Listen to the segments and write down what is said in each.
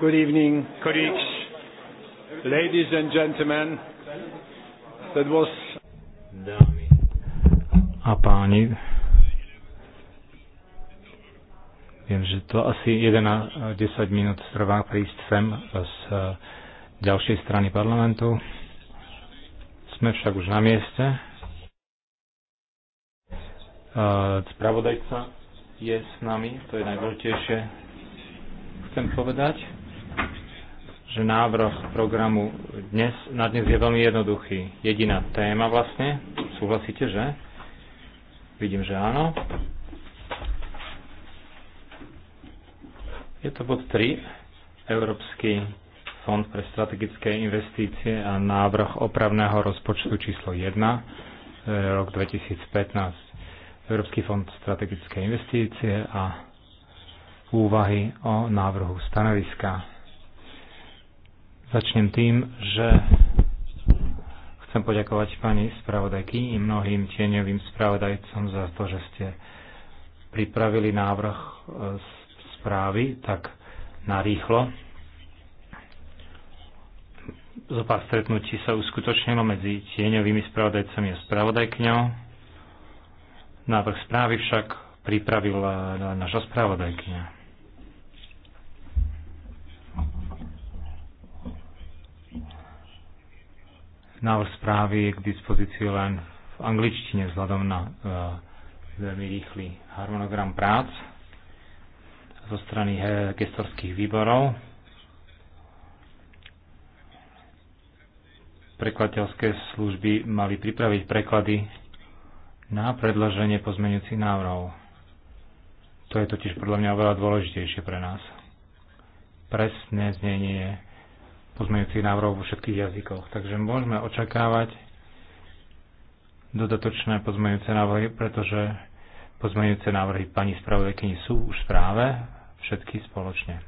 Good evening, colleagues, ladies and gentlemen. That was a páni, viem, že to asi 11, 10 minút trvá prísť sem z eh, ďalšej strany parlamentu. Sme však už na mieste. Eh, spravodajca je s nami, to je najdôležitejšie. Chcem povedať, že návrh programu dnes, na dnes je veľmi jednoduchý. Jediná téma vlastne, súhlasíte, že? Vidím, že áno. Je to bod 3, Európsky fond pre strategické investície a návrh opravného rozpočtu číslo 1, e, rok 2015 Európsky fond strategické investície a úvahy o návrhu stanoviska. Začnem tým, že chcem poďakovať pani spravodajky i mnohým tieňovým spravodajcom za to, že ste pripravili návrh e, správy tak narýchlo. Zo pár stretnutí sa uskutočnilo medzi tieňovými spravodajcami a spravodajkňou Návrh správy však pripravil naša spravodajkyňa. Návrh správy je k dispozícii len v angličtine vzhľadom na uh, veľmi rýchly harmonogram prác zo strany gestorských výborov. Prekladateľské služby mali pripraviť preklady na predloženie pozmeňujúcich návrhov. To je totiž podľa mňa oveľa dôležitejšie pre nás. Presné znenie pozmeňujúcich návrhov vo všetkých jazykoch. Takže môžeme očakávať dodatočné pozmeňujúce návrhy, pretože pozmeňujúce návrhy pani spravodajkyni sú už práve, všetky spoločne.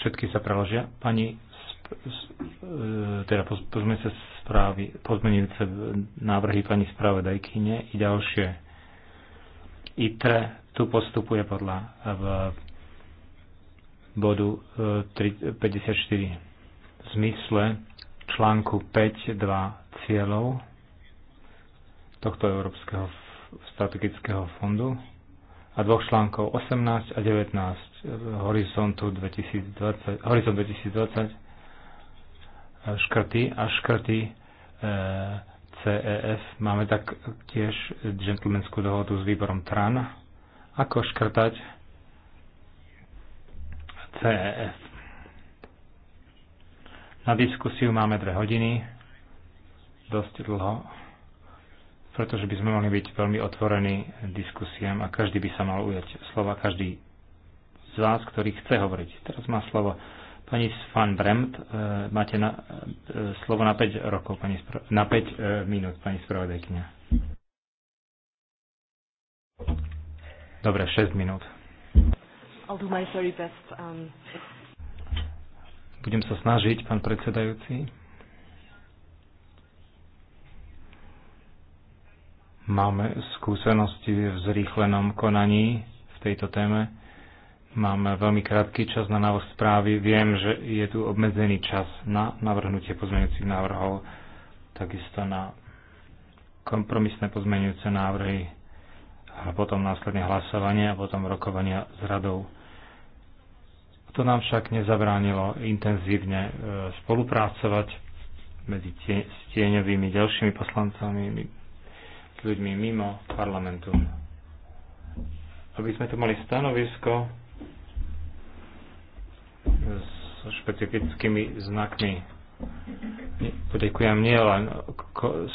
Všetky sa preložia. Pani E, teda pozmeňujúce správy, pozmeňujúce návrhy pani spravodajkyne i ďalšie. ITRE tu postupuje podľa v bodu 54 e, v zmysle článku 5.2 cieľov tohto Európskeho strategického fondu a dvoch článkov 18 a 19 e, Horizontu 2020, Horizont 2020 škrty a škrty e, CEF. Máme tak tiež džentlmenskú dohodu s výborom TRAN. Ako škrtať CEF? Na diskusiu máme dve hodiny, dosť dlho, pretože by sme mohli byť veľmi otvorení diskusiám a každý by sa mal ujať slova, každý z vás, ktorý chce hovoriť. Teraz má slovo Pani Van Bremt, e, máte na, e, slovo na 5 rokov, pani, na 5 e, minút, pani spravodajkyňa. Dobre, 6 minút. I'll do my very best. Um... Budem sa snažiť, pán predsedajúci. Máme skúsenosti v zrýchlenom konaní v tejto téme Máme veľmi krátky čas na návrh správy. Viem, že je tu obmedzený čas na navrhnutie pozmeňujúcich návrhov, takisto na kompromisné pozmeňujúce návrhy a potom následne hlasovanie a potom rokovania s radou. To nám však nezabránilo intenzívne e, spolupracovať medzi stieňovými ďalšími poslancami, ľuďmi mimo parlamentu. Aby sme tu mali stanovisko, so špecifickými znakmi. Poďakujem nielen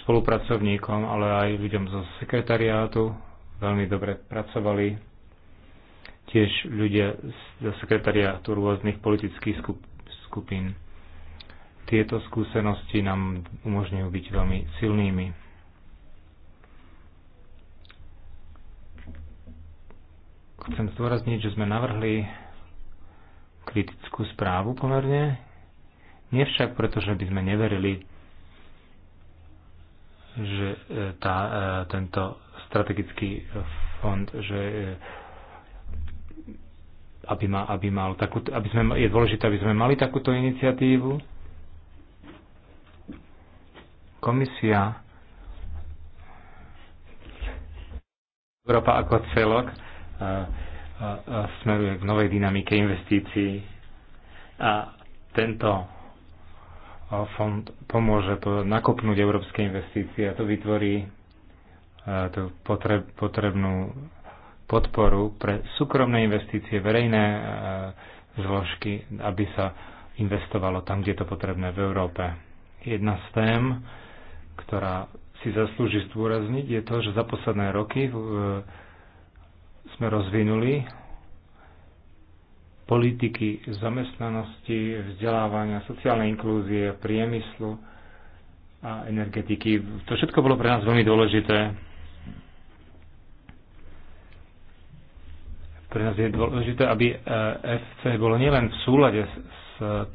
spolupracovníkom, ale aj ľuďom zo sekretariátu. Veľmi dobre pracovali. Tiež ľudia zo sekretariátu rôznych politických skupín. Tieto skúsenosti nám umožňujú byť veľmi silnými. Chcem zdôrazniť, že sme navrhli kritickú správu pomerne. Nie však preto, že by sme neverili, že e, tá, e, tento strategický fond, že e, aby, ma, aby, mal takú, aby sme, je dôležité, aby sme mali takúto iniciatívu. Komisia Európa ako celok smeruje k novej dynamike investícií a tento fond pomôže nakopnúť európske investície a to vytvorí tú potrebnú podporu pre súkromné investície, verejné zložky, aby sa investovalo tam, kde je to potrebné v Európe. Jedna z tém, ktorá si zaslúži zdôrazniť, je to, že za posledné roky v sme rozvinuli politiky zamestnanosti, vzdelávania, sociálnej inklúzie, priemyslu a energetiky. To všetko bolo pre nás veľmi dôležité. Pre nás je dôležité, aby e, FC bolo nielen v súlade s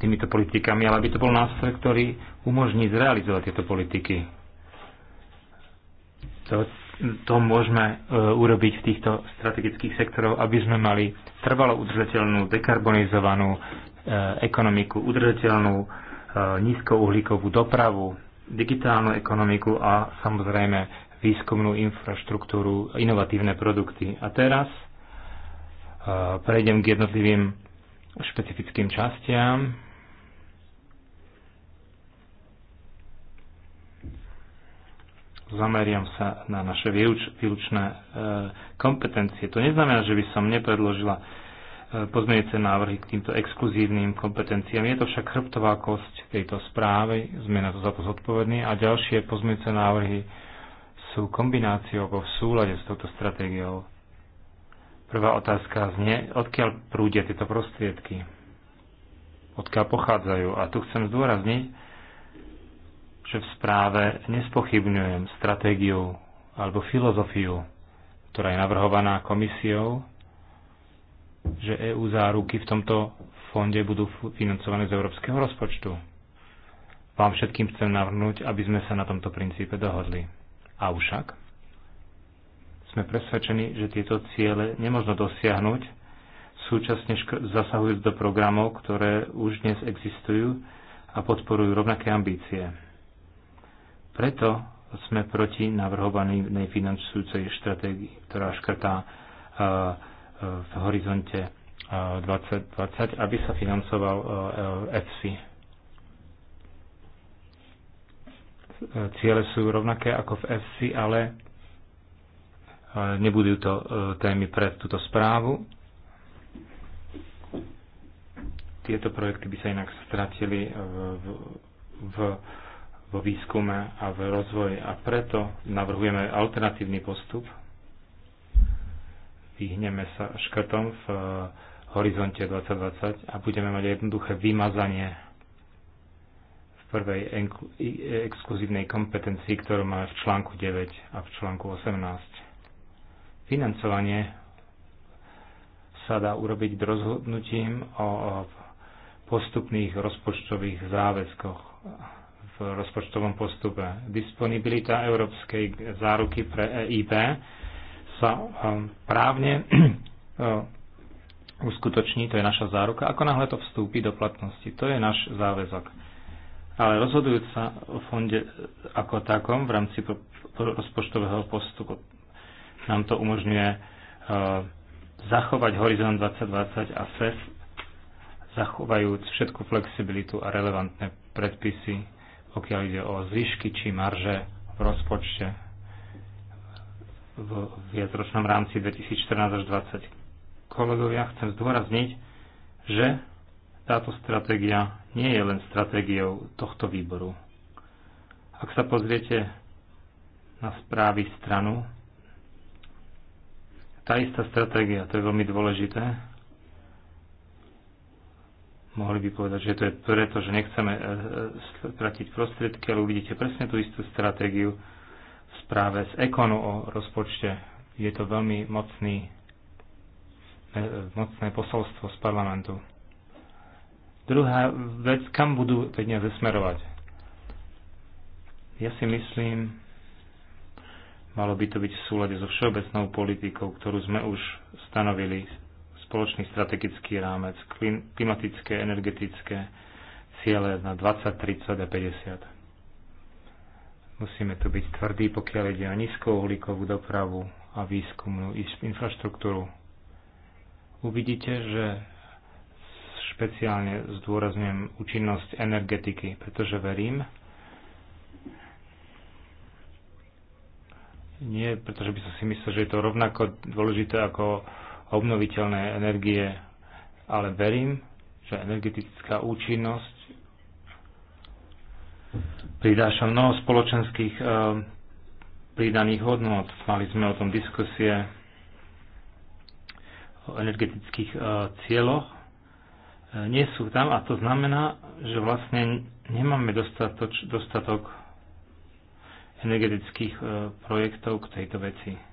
týmito politikami, ale aby to bol nástroj, ktorý umožní zrealizovať tieto politiky. To to môžeme e, urobiť v týchto strategických sektorov, aby sme mali trvalo udržateľnú, dekarbonizovanú e, ekonomiku, udržateľnú e, nízkouhlíkovú dopravu, digitálnu ekonomiku a samozrejme výskumnú infraštruktúru, inovatívne produkty. A teraz prejdem k jednotlivým špecifickým častiam. zameriam sa na naše výuč, výlučné e, kompetencie. To neznamená, že by som nepredložila e, pozmeňujúce návrhy k týmto exkluzívnym kompetenciám. Je to však chrbtová kosť tejto správy, sme na to za to zodpovední a ďalšie pozmeňujúce návrhy sú kombináciou vo v súlade s touto stratégiou. Prvá otázka znie, odkiaľ prúdia tieto prostriedky? Odkiaľ pochádzajú? A tu chcem zdôrazniť, že v správe nespochybňujem stratégiu alebo filozofiu, ktorá je navrhovaná komisiou, že EU záruky v tomto fonde budú financované z európskeho rozpočtu. Vám všetkým chcem navrhnúť, aby sme sa na tomto princípe dohodli. Avšak sme presvedčení, že tieto ciele nemožno dosiahnuť, súčasne zasahujúc do programov, ktoré už dnes existujú a podporujú rovnaké ambície. Preto sme proti navrhovanej financujúcej štratégii, ktorá škrtá e, e, v horizonte 2020, e, aby sa financoval EFSI. Ciele sú rovnaké ako v EFSI, ale nebudú to témy pre túto správu. Tieto projekty by sa inak stratili v, v, v vo výskume a v rozvoji. A preto navrhujeme alternatívny postup. Vyhneme sa škrtom v eh, horizonte 2020 a budeme mať jednoduché vymazanie v prvej exkluzívnej kompetencii, ktorú máme v článku 9 a v článku 18. Financovanie sa dá urobiť rozhodnutím o postupných rozpočtových záväzkoch v rozpočtovom postupe. Disponibilita európskej záruky pre EIB sa um, právne uh, uskutoční, to je naša záruka, ako náhle to vstúpi do platnosti. To je náš záväzok. Ale rozhodujúc sa o fonde ako takom v rámci rozpočtového postupu nám to umožňuje uh, zachovať Horizont 2020 a SES, zachovajúc všetku flexibilitu a relevantné predpisy pokiaľ ide o zvyšky či marže v rozpočte v viacročnom rámci 2014 až 2020. Kolegovia, chcem zdôrazniť, že táto stratégia nie je len stratégiou tohto výboru. Ak sa pozriete na správy stranu, tá istá stratégia, to je veľmi dôležité, mohli by povedať, že to je preto, že nechceme e, e, stratiť prostriedky, ale uvidíte presne tú istú stratégiu v správe z ekonu o rozpočte. Je to veľmi mocný, e, mocné posolstvo z parlamentu. Druhá vec, kam budú peniaze smerovať. Ja si myslím, malo by to byť v súlade so všeobecnou politikou, ktorú sme už stanovili spoločný strategický rámec, klimatické, energetické ciele na 20, 30 a 50. Musíme tu byť tvrdí, pokiaľ ide o nízkouhlíkovú dopravu a výskumnú infraštruktúru. Uvidíte, že špeciálne zdôrazňujem účinnosť energetiky, pretože verím, nie, pretože by som si myslel, že je to rovnako dôležité ako obnoviteľné energie, ale verím, že energetická účinnosť pridáša mnoho spoločenských e, pridaných hodnot. Mali sme o tom diskusie o energetických e, cieľoch. E, nie sú tam a to znamená, že vlastne nemáme dostatoč, dostatok energetických e, projektov k tejto veci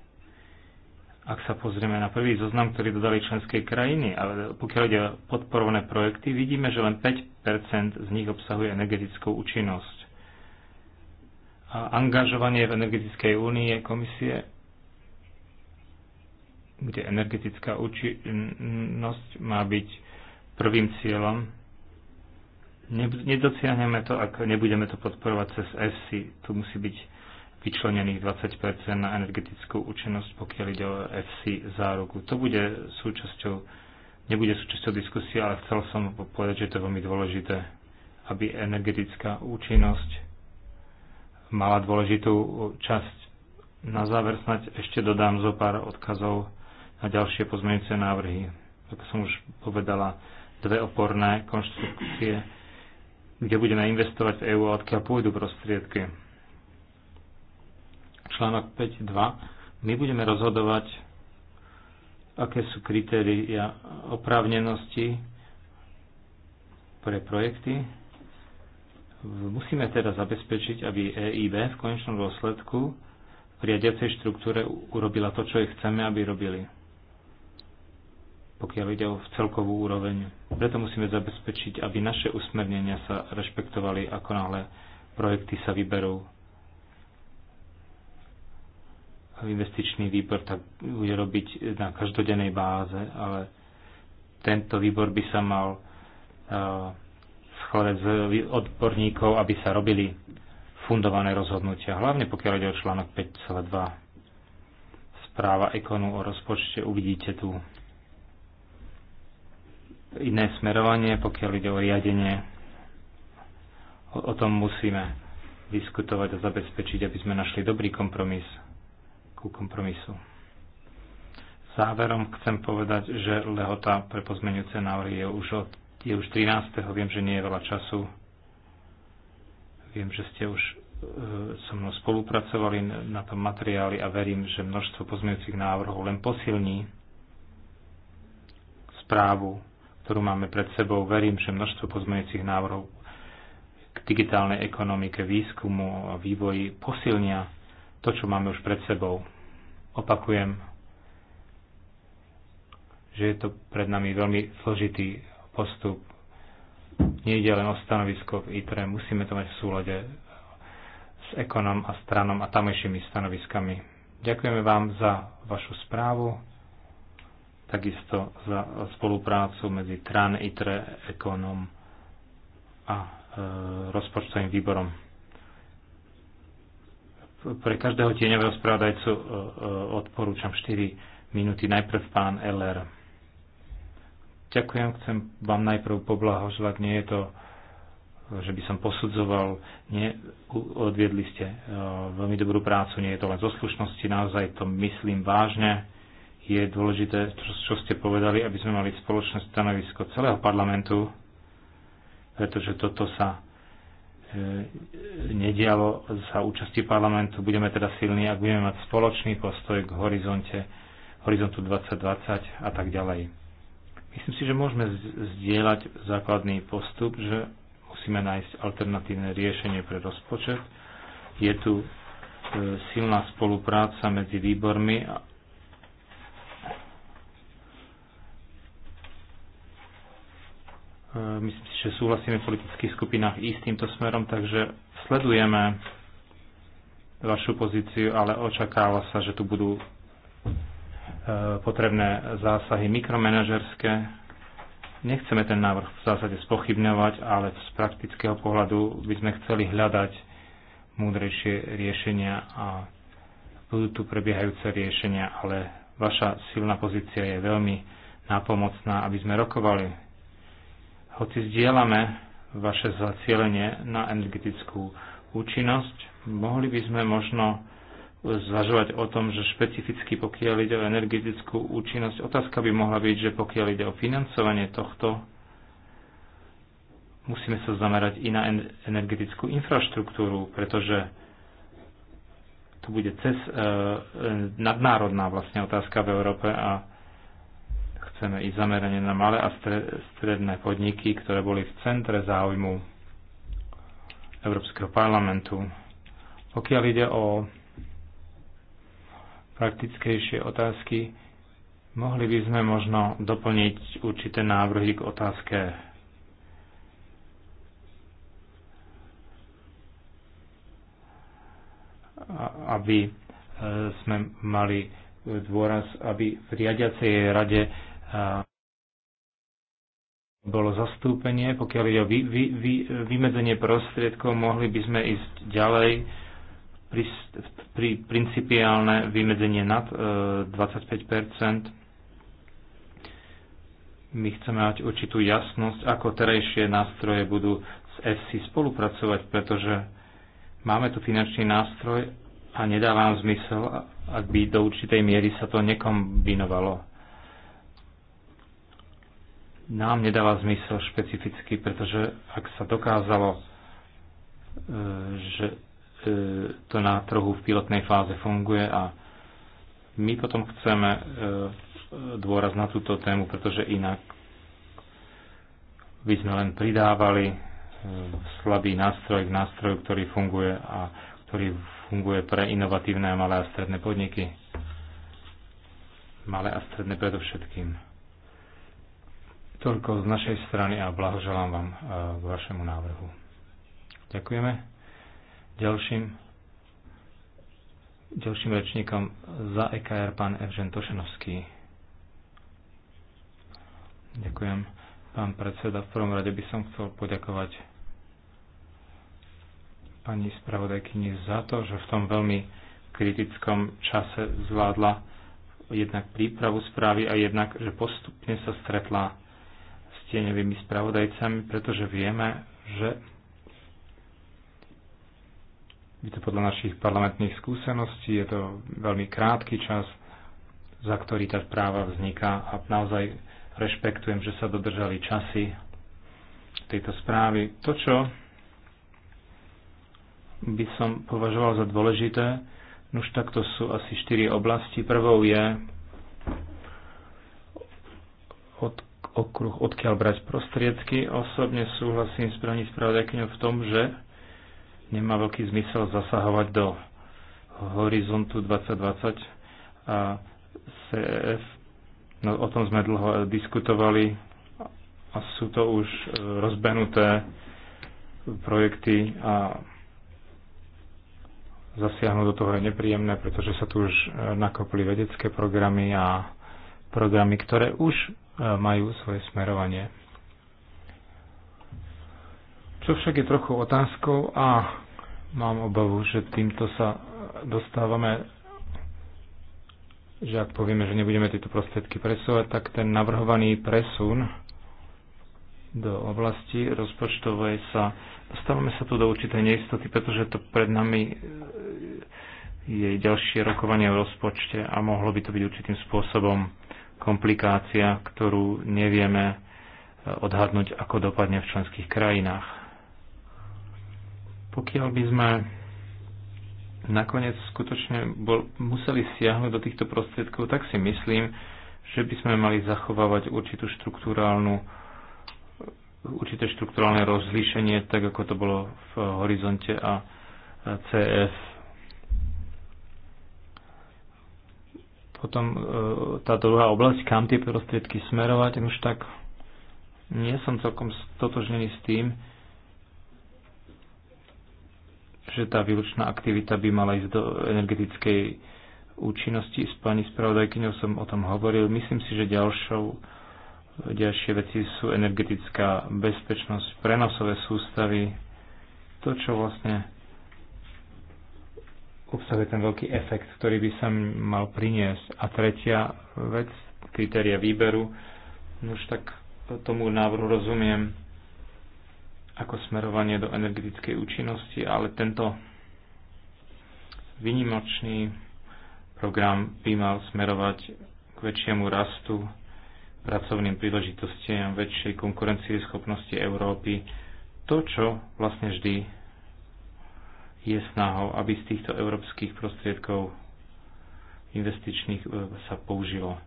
ak sa pozrieme na prvý zoznam, ktorý dodali členské krajiny, ale pokiaľ ide o podporované projekty, vidíme, že len 5 z nich obsahuje energetickú účinnosť. A angažovanie v energetickej únie komisie, kde energetická účinnosť má byť prvým cieľom, nedociahneme to, ak nebudeme to podporovať cez EFSI. Tu musí byť vyčlenených 20 na energetickú účinnosť, pokiaľ ide o FC záruku. To bude súčasťou, nebude súčasťou diskusie, ale chcel som povedať, že to je to veľmi dôležité, aby energetická účinnosť mala dôležitú časť. Na záver snať ešte dodám zo pár odkazov na ďalšie pozmeňujúce návrhy. Ako som už povedala, dve oporné konštrukcie, kde budeme investovať v EU a odkiaľ pôjdu prostriedky článok 5.2, my budeme rozhodovať, aké sú kritéria oprávnenosti pre projekty. Musíme teda zabezpečiť, aby EIB v konečnom dôsledku v riadiacej štruktúre urobila to, čo ich chceme, aby robili pokiaľ ide o celkovú úroveň. Preto musíme zabezpečiť, aby naše usmernenia sa rešpektovali, ako náhle projekty sa vyberú investičný výbor tak bude robiť na každodennej báze, ale tento výbor by sa mal e, skladať z odborníkov, aby sa robili fundované rozhodnutia, hlavne pokiaľ ide o článok 5,2 správa ekonu o rozpočte, uvidíte tu iné smerovanie, pokiaľ ide o riadenie. O, o tom musíme diskutovať a zabezpečiť, aby sme našli dobrý kompromis ku kompromisu. Záverom chcem povedať, že lehota pre pozmeňujúce návrhy je už, od, je už 13. Viem, že nie je veľa času. Viem, že ste už e, so mnou spolupracovali na tom materiáli a verím, že množstvo pozmeňujúcich návrhov len posilní správu, ktorú máme pred sebou. Verím, že množstvo pozmeňujúcich návrhov k digitálnej ekonomike, výskumu a vývoji posilnia to, čo máme už pred sebou. Opakujem, že je to pred nami veľmi složitý postup. Nejde len o stanovisko v ITRE, musíme to mať v súlade s ekonom a stranom a tamejšími stanoviskami. Ďakujeme vám za vašu správu, takisto za spoluprácu medzi TRAN, ITRE, ekonom a e, rozpočtovým výborom. Pre každého tieňového správdajcu e, e, odporúčam 4 minúty. Najprv pán LR. Ďakujem, chcem vám najprv poblahoželať. Nie je to, že by som posudzoval. Nie, odviedli ste e, veľmi dobrú prácu. Nie je to len zo slušnosti. Naozaj to myslím vážne. Je dôležité, čo ste povedali, aby sme mali spoločné stanovisko celého parlamentu, pretože toto sa E, nedialo sa účasti parlamentu. Budeme teda silní, ak budeme mať spoločný postoj k horizonte, horizontu 2020 a tak ďalej. Myslím si, že môžeme zdieľať základný postup, že musíme nájsť alternatívne riešenie pre rozpočet. Je tu e, silná spolupráca medzi výbormi Ehm, myslím si, že súhlasíme v politických skupinách i s týmto smerom, takže sledujeme vašu pozíciu, ale očakáva sa, že tu budú ehm, potrebné zásahy mikromanažerské. Nechceme ten návrh v zásade spochybňovať, ale z praktického pohľadu by sme chceli hľadať múdrejšie riešenia a budú tu prebiehajúce riešenia, ale vaša silná pozícia je veľmi nápomocná, aby sme rokovali hoci zdieľame vaše zacielenie na energetickú účinnosť, mohli by sme možno zvažovať o tom, že špecificky pokiaľ ide o energetickú účinnosť, otázka by mohla byť, že pokiaľ ide o financovanie tohto, musíme sa zamerať i na energetickú infraštruktúru, pretože to bude cez e, e nadnárodná vlastne otázka v Európe a chceme ísť zameranie na malé a stredné podniky, ktoré boli v centre záujmu Európskeho parlamentu. Pokiaľ ide o praktickejšie otázky, mohli by sme možno doplniť určité návrhy k otázke aby e, sme mali dôraz, aby v riadiacej rade bolo zastúpenie, pokiaľ ide o vy, vy, vy, vymedzenie prostriedkov, mohli by sme ísť ďalej pri, pri principiálne vymedzenie nad e, 25 My chceme mať určitú jasnosť, ako terejšie nástroje budú s FC spolupracovať, pretože máme tu finančný nástroj a nedávam zmysel, ak by do určitej miery sa to nekombinovalo nám nedáva zmysel špecificky, pretože ak sa dokázalo, e, že e, to na trhu v pilotnej fáze funguje a my potom chceme e, dôraz na túto tému, pretože inak by sme len pridávali slabý nástroj k nástroju, ktorý funguje a ktorý funguje pre inovatívne malé a stredné podniky. Malé a stredné predovšetkým. Toľko z našej strany a blahoželám vám e, k vašemu návrhu. Ďakujeme. Ďalším, ďalším rečníkom za EKR pán Evžen Tošenovský. Ďakujem. Pán predseda, v prvom rade by som chcel poďakovať pani spravodajkyni za to, že v tom veľmi kritickom čase zvládla jednak prípravu správy a jednak, že postupne sa stretla tieňovými spravodajcami, pretože vieme, že je to podľa našich parlamentných skúseností, je to veľmi krátky čas, za ktorý tá práva vzniká a naozaj rešpektujem, že sa dodržali časy tejto správy. To, čo by som považoval za dôležité, už takto sú asi štyri oblasti. Prvou je od okruh, odkiaľ brať prostriedky. Osobne súhlasím s pani spravodajkyňou v tom, že nemá veľký zmysel zasahovať do horizontu 2020 a CF. No, o tom sme dlho diskutovali a sú to už e, rozbenuté projekty a zasiahnuť do toho je nepríjemné, pretože sa tu už e, nakopli vedecké programy a programy, ktoré už E, majú svoje smerovanie. Čo však je trochu otázkou a mám obavu, že týmto sa dostávame, že ak povieme, že nebudeme tieto prostriedky presovať, tak ten navrhovaný presun do oblasti rozpočtovej sa dostávame sa tu do určitej neistoty, pretože to pred nami e, je ďalšie rokovanie o rozpočte a mohlo by to byť určitým spôsobom komplikácia, ktorú nevieme e, odhadnúť, ako dopadne v členských krajinách. Pokiaľ by sme nakoniec skutočne bol, museli siahnuť do týchto prostriedkov, tak si myslím, že by sme mali zachovávať určitú štruktúrálnu určité štruktúrálne rozlíšenie, tak ako to bolo v horizonte a CF Potom e, tá druhá oblasť, kam tie prostriedky smerovať, už tak nie som celkom stotožnený s tým, že tá výlučná aktivita by mala ísť do energetickej účinnosti. S pani spravodajkyňou som o tom hovoril. Myslím si, že ďalšou, ďalšie veci sú energetická bezpečnosť, prenosové sústavy, to, čo vlastne obsahuje ten veľký efekt, ktorý by sa mal priniesť. A tretia vec, kritéria výberu, no už tak tomu návrhu rozumiem ako smerovanie do energetickej účinnosti, ale tento vynimočný program by mal smerovať k väčšiemu rastu, pracovným príležitostiam, väčšej schopnosti Európy, to, čo vlastne vždy je snahou, aby z týchto európskych prostriedkov investičných e, sa použilo.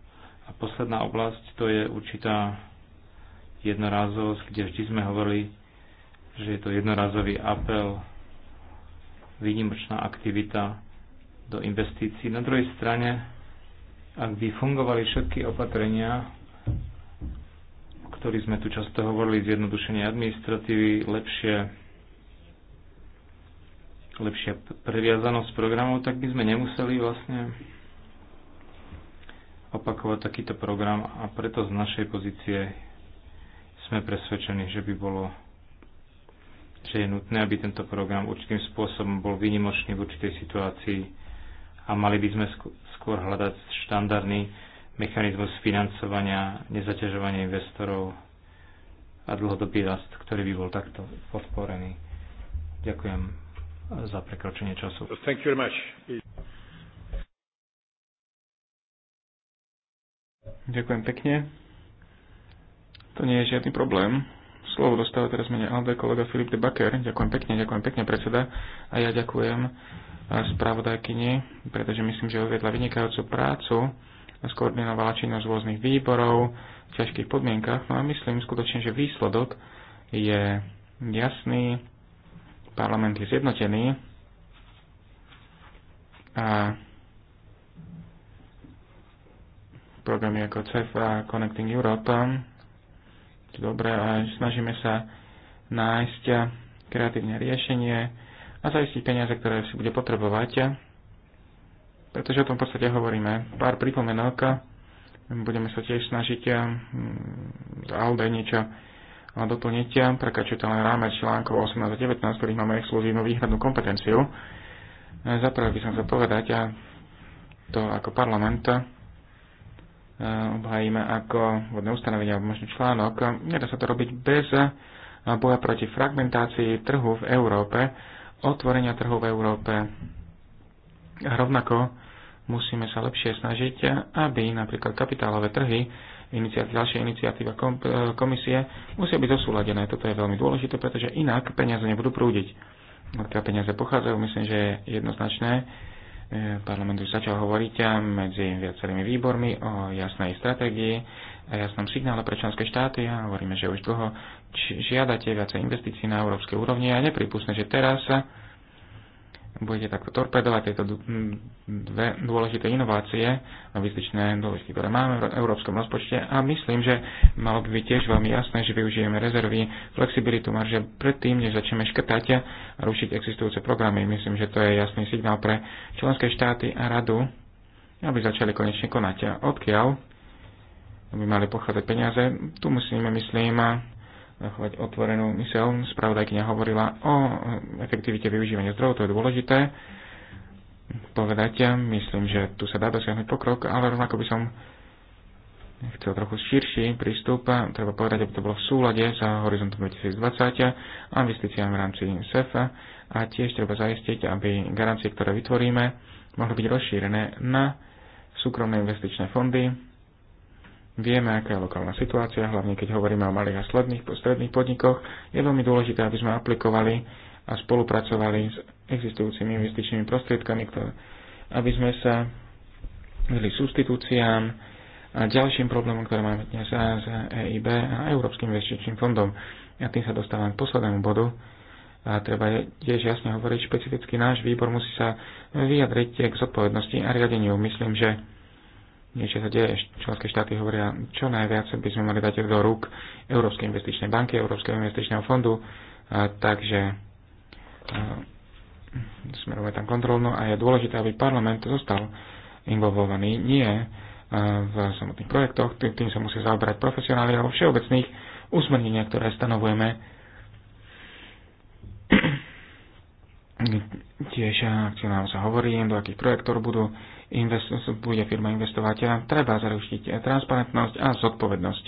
A posledná oblasť to je určitá jednorázovosť, kde vždy sme hovorili, že je to jednorázový apel, výnimočná aktivita do investícií. Na druhej strane, ak by fungovali všetky opatrenia, o ktorých sme tu často hovorili, zjednodušenie administratívy, lepšie lepšia previazanosť programov, tak by sme nemuseli vlastne opakovať takýto program a preto z našej pozície sme presvedčení, že by bolo že je nutné, aby tento program určitým spôsobom bol vynimočný v určitej situácii a mali by sme skôr hľadať štandardný mechanizmus financovania, nezaťažovania investorov a dlhodobý rast, ktorý by bol takto podporený. Ďakujem za prekročenie času. Thank you very much. Ďakujem pekne. To nie je žiadny problém. Slovo dostáva teraz menej Alde kolega Filip de Baker. Ďakujem pekne, ďakujem pekne predseda. A ja ďakujem eh, spravodajkyni, pretože myslím, že odvedla vynikajúcu prácu, a skoordinovala činnosť rôznych výborov v ťažkých podmienkach. No a myslím skutočne, že výsledok je jasný, parlament je zjednotený a programy ako CEF a Connecting Europe dobré a snažíme sa nájsť kreatívne riešenie a zaistiť peniaze, ktoré si bude potrebovať. Pretože o tom v podstate hovoríme. Pár pripomenok. Budeme sa tiež snažiť mm, z ALDE niečo a prekračuje to len rámec článkov 18 a 19, ktorých máme exkluzívnu výhradnú kompetenciu. E, prvé by som chcel povedať, a to ako parlament e, obhajíme ako vodné ustanovenie alebo možno článok. Nedá sa to robiť bez boja proti fragmentácii trhu v Európe, otvorenia trhu v Európe. A rovnako musíme sa lepšie snažiť, aby napríklad kapitálové trhy iniciat- ďalšia iniciatíva kom- e, komisie musia byť zosúladené. Toto je veľmi dôležité, pretože inak peniaze nebudú prúdiť. Odkiaľ peniaze pochádzajú, myslím, že je jednoznačné. E, parlament už začal hovoriť medzi viacerými výbormi o jasnej stratégii a jasnom signále pre členské štáty a hovoríme, že už dlho žiadate viacej investícií na európskej úrovni a nepripustné, že teraz sa budete takto torpedovať tieto dve dôležité inovácie, investičné dôležité, ktoré máme v európskom rozpočte a myslím, že malo by byť tiež veľmi jasné, že využijeme rezervy, flexibilitu marže predtým, než začneme škrtať a rušiť existujúce programy. Myslím, že to je jasný signál pre členské štáty a radu, aby začali konečne konať. A odkiaľ by mali pochádzať peniaze, tu musíme, myslím, zachovať otvorenú mysel. Spravodajkyňa hovorila o efektivite využívania zdrojov, to je dôležité povedať. Myslím, že tu sa dá dosiahnuť pokrok, ale rovnako by som chcel trochu širší prístup. Treba povedať, aby to bolo v súlade s horizontom 2020 a investíciami v rámci SEF a tiež treba zaistiť, aby garancie, ktoré vytvoríme, mohli byť rozšírené na súkromné investičné fondy, Vieme, aká je lokálna situácia, hlavne keď hovoríme o malých a sledných, stredných podnikoch. Je veľmi dôležité, aby sme aplikovali a spolupracovali s existujúcimi investičnými prostriedkami, ktoré, aby sme sa vyhli substitúciám a ďalším problémom, ktoré máme dnes z EIB a Európskym investičným fondom. Ja tým sa dostávam k poslednému bodu. A treba tiež jasne hovoriť, špecificky náš výbor musí sa vyjadriť k zodpovednosti a riadeniu. Myslím, že niečo sa deje. Členské štáty hovoria, čo najviac by sme mali dať do rúk Európskej investičnej banky, Európskeho investičného fondu, a, takže smerovať tam kontrolnú no a je dôležité, aby parlament zostal involvovaný nie v samotných projektoch, tým, tým sa musí zaoberať profesionáli, ale všeobecných usmernenia, ktoré stanovujeme tiež akcionárom sa hovorí, do akých projektov budú invest, bude firma investovať. Treba zaručiť transparentnosť a zodpovednosť.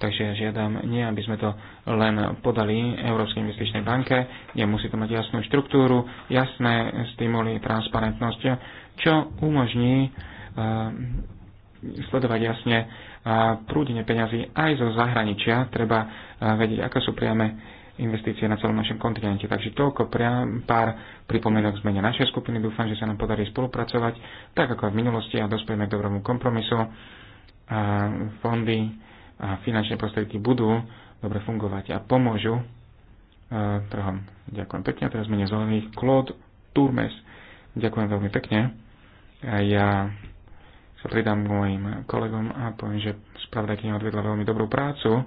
Takže žiadam nie, aby sme to len podali Európskej investičnej banke, kde musí to mať jasnú štruktúru, jasné stimuly, transparentnosť, čo umožní eh, sledovať jasne eh, prúdenie peňazí aj zo zahraničia. Treba eh, vedieť, aké sú priame investície na celom našom kontinente. Takže toľko priam, pár pripomienok z mene našej skupiny. Dúfam, že sa nám podarí spolupracovať tak ako aj v minulosti a dospejeme k dobrému kompromisu. A fondy a finančné prostriedky budú dobre fungovať a pomôžu e, trhom. Ďakujem pekne. teraz mene zelených Claude Turmes. Ďakujem veľmi pekne. A ja sa pridám môjim kolegom a poviem, že spravodajkynia odvedla veľmi dobrú prácu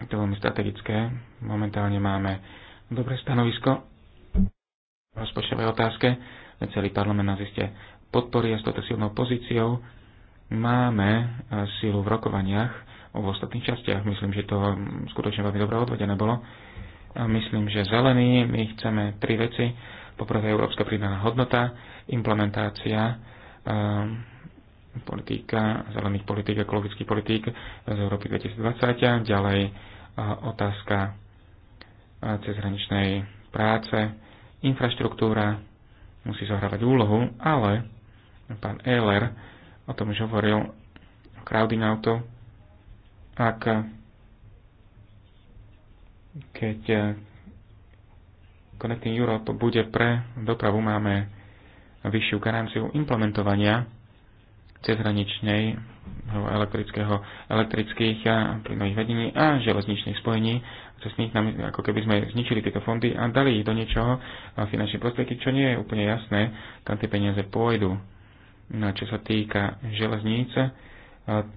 je to veľmi strategické. Momentálne máme dobré stanovisko v rozpočtovej otázke. Celý parlament nás iste podporí a s touto silnou pozíciou máme e, sílu v rokovaniach o ostatných častiach. Myslím, že to skutočne veľmi dobre odvedené bolo. Myslím, že zelený, my chceme tri veci. Poprvé európska pridaná hodnota, implementácia um, politika, zelených politik, ekologických politik z Európy 2020, ďalej otázka cezhraničnej práce, infraštruktúra musí zohrávať úlohu, ale pán Ehler o tom už hovoril, crowding auto, ak keď e, Connecting Europe bude pre dopravu, máme vyššiu garanciu implementovania cezhraničnej elektrického, elektrických a plynových vedení a železničných spojení Cez nich nám, ako keby sme zničili tieto fondy a dali ich do niečoho a finančné prostriedky, čo nie je úplne jasné, kam tie peniaze pôjdu. No, čo sa týka železnice,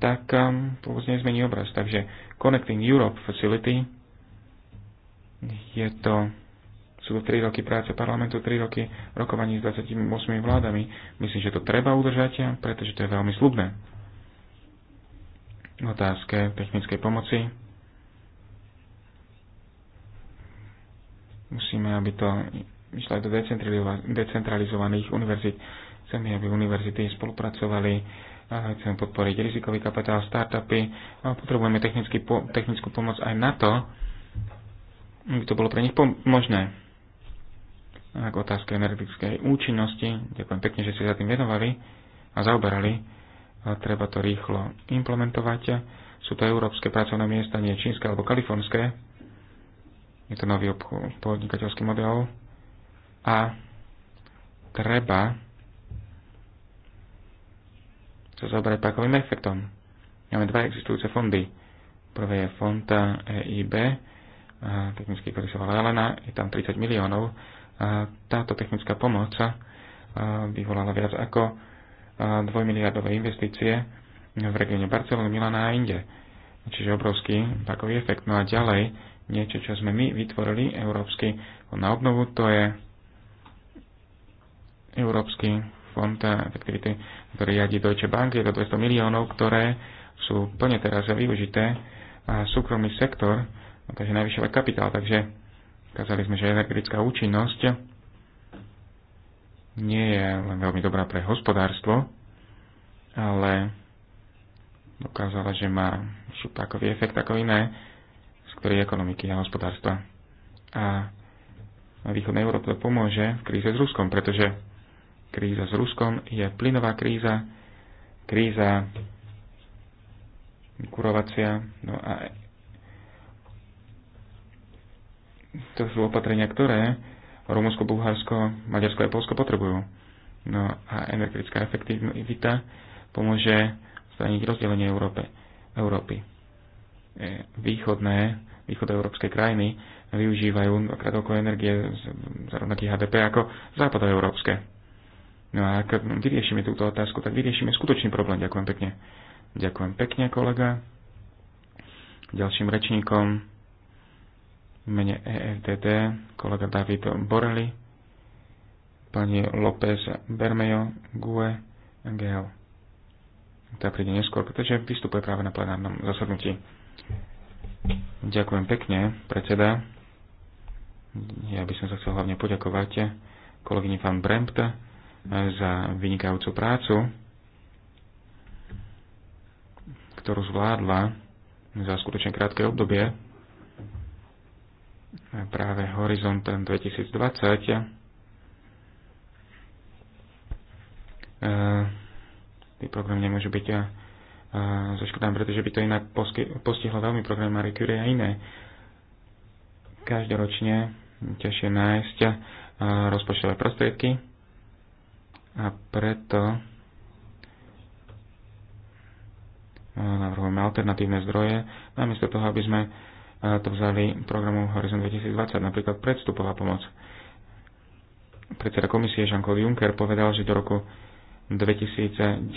tak um, vôbec zmení obraz. Takže Connecting Europe Facility je to sú to 3 roky práce parlamentu, 3 roky rokovaní s 28 vládami. Myslím, že to treba udržať, pretože to je veľmi slubné. Otázke technickej pomoci. Musíme, aby to išlo aj do decentralizovaných univerzít. Chceme, aby univerzity spolupracovali, chceme podporiť rizikový kapitál, startupy, potrebujeme technickú pomoc aj na to, aby to bolo pre nich možné k otázke energetickej účinnosti. Ďakujem pekne, že ste sa tým venovali a zaoberali. A treba to rýchlo implementovať. Sú to európske pracovné miesta, nie čínske alebo kalifornské. Je to nový podnikateľský model. A treba sa zaoberať pakovým efektom. Máme dva existujúce fondy. Prvé je fond EIB, technicky korisovala Elena, je tam 30 miliónov táto technická pomoc vyvolala viac ako dvojmiliardové investície v regióne Barcelony, Milana a inde. Čiže obrovský takový efekt. No a ďalej niečo, čo sme my vytvorili, Európsky fond na obnovu, to je Európsky fond efektivity, ktorý riadi Deutsche Bank, je to 200 miliónov, ktoré sú plne teraz využité a súkromný sektor takže navyšovať kapitál. Takže Kázali sme, že energetická účinnosť nie je len veľmi dobrá pre hospodárstvo, ale dokázala, že má šupákový efekt ako iné z ktorej ekonomiky a hospodárstva. A východnej Európe pomôže v kríze s Ruskom, pretože kríza s Ruskom je plynová kríza, kríza kurovacia, no a to sú opatrenia, ktoré Rumunsko, Bulharsko, Maďarsko a Polsko potrebujú. No a energetická efektivita pomôže straniť rozdelenie Európe, Európy. E, východné, európske krajiny využívajú dvakrát energie za rovnaký HDP ako západoeurópske. No a ak vyriešime túto otázku, tak vyriešime skutočný problém. Ďakujem pekne. Ďakujem pekne, kolega. Ďalším rečníkom mene EFDD kolega David Borelli, pani López Bermejo, GUE, NGL. Tá príde neskôr, pretože vystupuje práve na plenárnom zasadnutí. Ďakujem pekne, predseda. Ja by som sa chcel hlavne poďakovať kolegyni van Brempt za vynikajúcu prácu, ktorú zvládla za skutočne krátke obdobie práve horizontem 2020 e, Tý program nemôže byť so e, pretože by to inak postihlo veľmi program Marie Curie a iné. Každoročne ťažšie nájsť e, rozpočtové prostriedky a preto navrhujeme alternatívne zdroje, namiesto toho, aby sme to vzali programom Horizon 2020, napríklad predstupová pomoc. Predseda komisie Jean-Claude Juncker povedal, že do roku 2019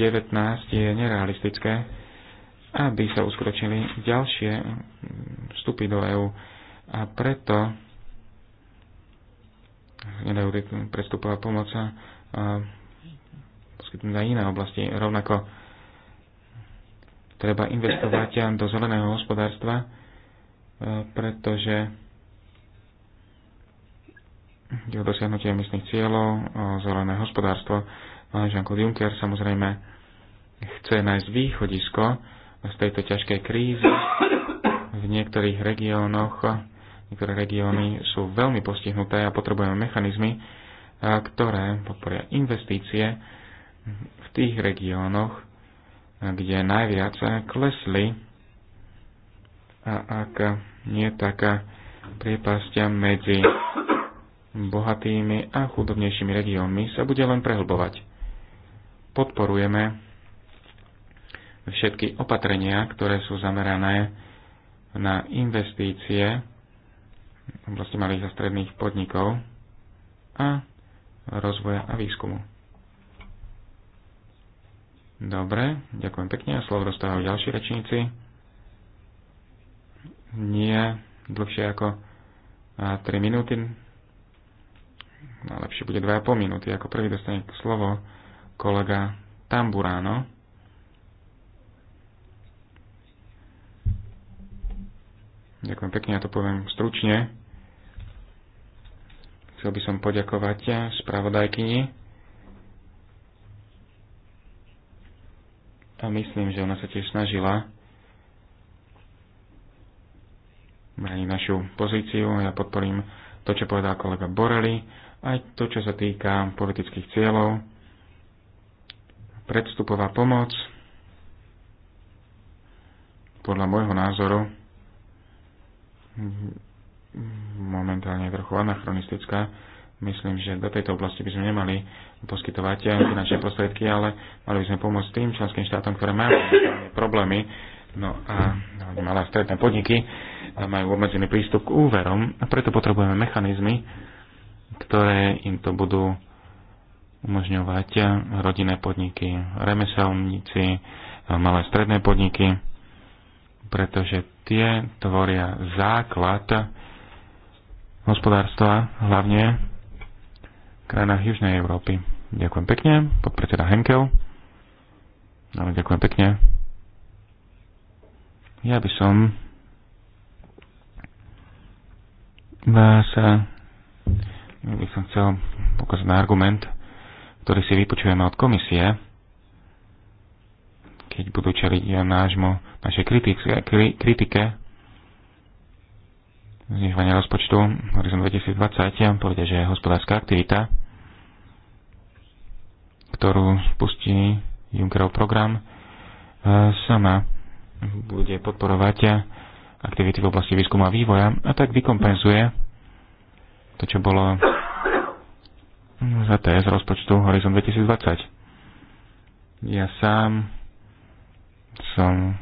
je nerealistické, aby sa uskročili ďalšie vstupy do EÚ. A preto nedajú prestupová pomoc a poskytnúť aj iné oblasti. Rovnako treba investovať do zeleného hospodárstva, pretože je o dosiahnutie emisných cieľov, o zelené hospodárstvo. Jean-Claude Juncker samozrejme chce nájsť východisko z tejto ťažkej krízy. V niektorých regiónoch, niektoré regióny sú veľmi postihnuté a potrebujeme mechanizmy, ktoré podporia investície v tých regiónoch, kde najviac klesli a ak nie taká priepastia medzi bohatými a chudobnejšími regiónmi sa bude len prehlbovať. Podporujeme všetky opatrenia, ktoré sú zamerané na investície v oblasti malých a stredných podnikov a rozvoja a výskumu. Dobre, ďakujem pekne a slovo dostávajú ďalší rečníci nie dlhšie ako 3 minúty. Najlepšie bude 2,5 minúty. Ako prvý dostane slovo kolega Tamburáno. Ďakujem pekne, ja to poviem stručne. Chcel by som poďakovať spravodajkyni. A myslím, že ona sa tiež snažila aj našu pozíciu. Ja podporím to, čo povedal kolega Borelli, aj to, čo sa týka politických cieľov, predstupová pomoc, podľa môjho názoru, momentálne je trochu anachronistická, myslím, že do tejto oblasti by sme nemali poskytovať finančné prostriedky, ale mali by sme pomôcť tým členským štátom, ktoré majú problémy, no a malé stredné podniky, majú obmedzený prístup k úverom a preto potrebujeme mechanizmy, ktoré im to budú umožňovať eh, rodinné podniky, remeselníci, eh, malé stredné podniky, pretože tie tvoria základ hospodárstva, hlavne v krajinách Južnej Európy. Ďakujem pekne, podpredseda Henkel. No, ďakujem pekne. Ja by som vás ja by som chcel pokazať na argument, ktorý si vypočujeme od komisie, keď budú čeliť nášmu, našej kritike, kritike znižovania rozpočtu Horizon 2020 povedia, že je hospodárska aktivita, ktorú spustí Junckerov program, e, sama bude podporovať aktivity v oblasti výskumu a vývoja a tak vykompenzuje to, čo bolo za z rozpočtu Horizon 2020. Ja sám som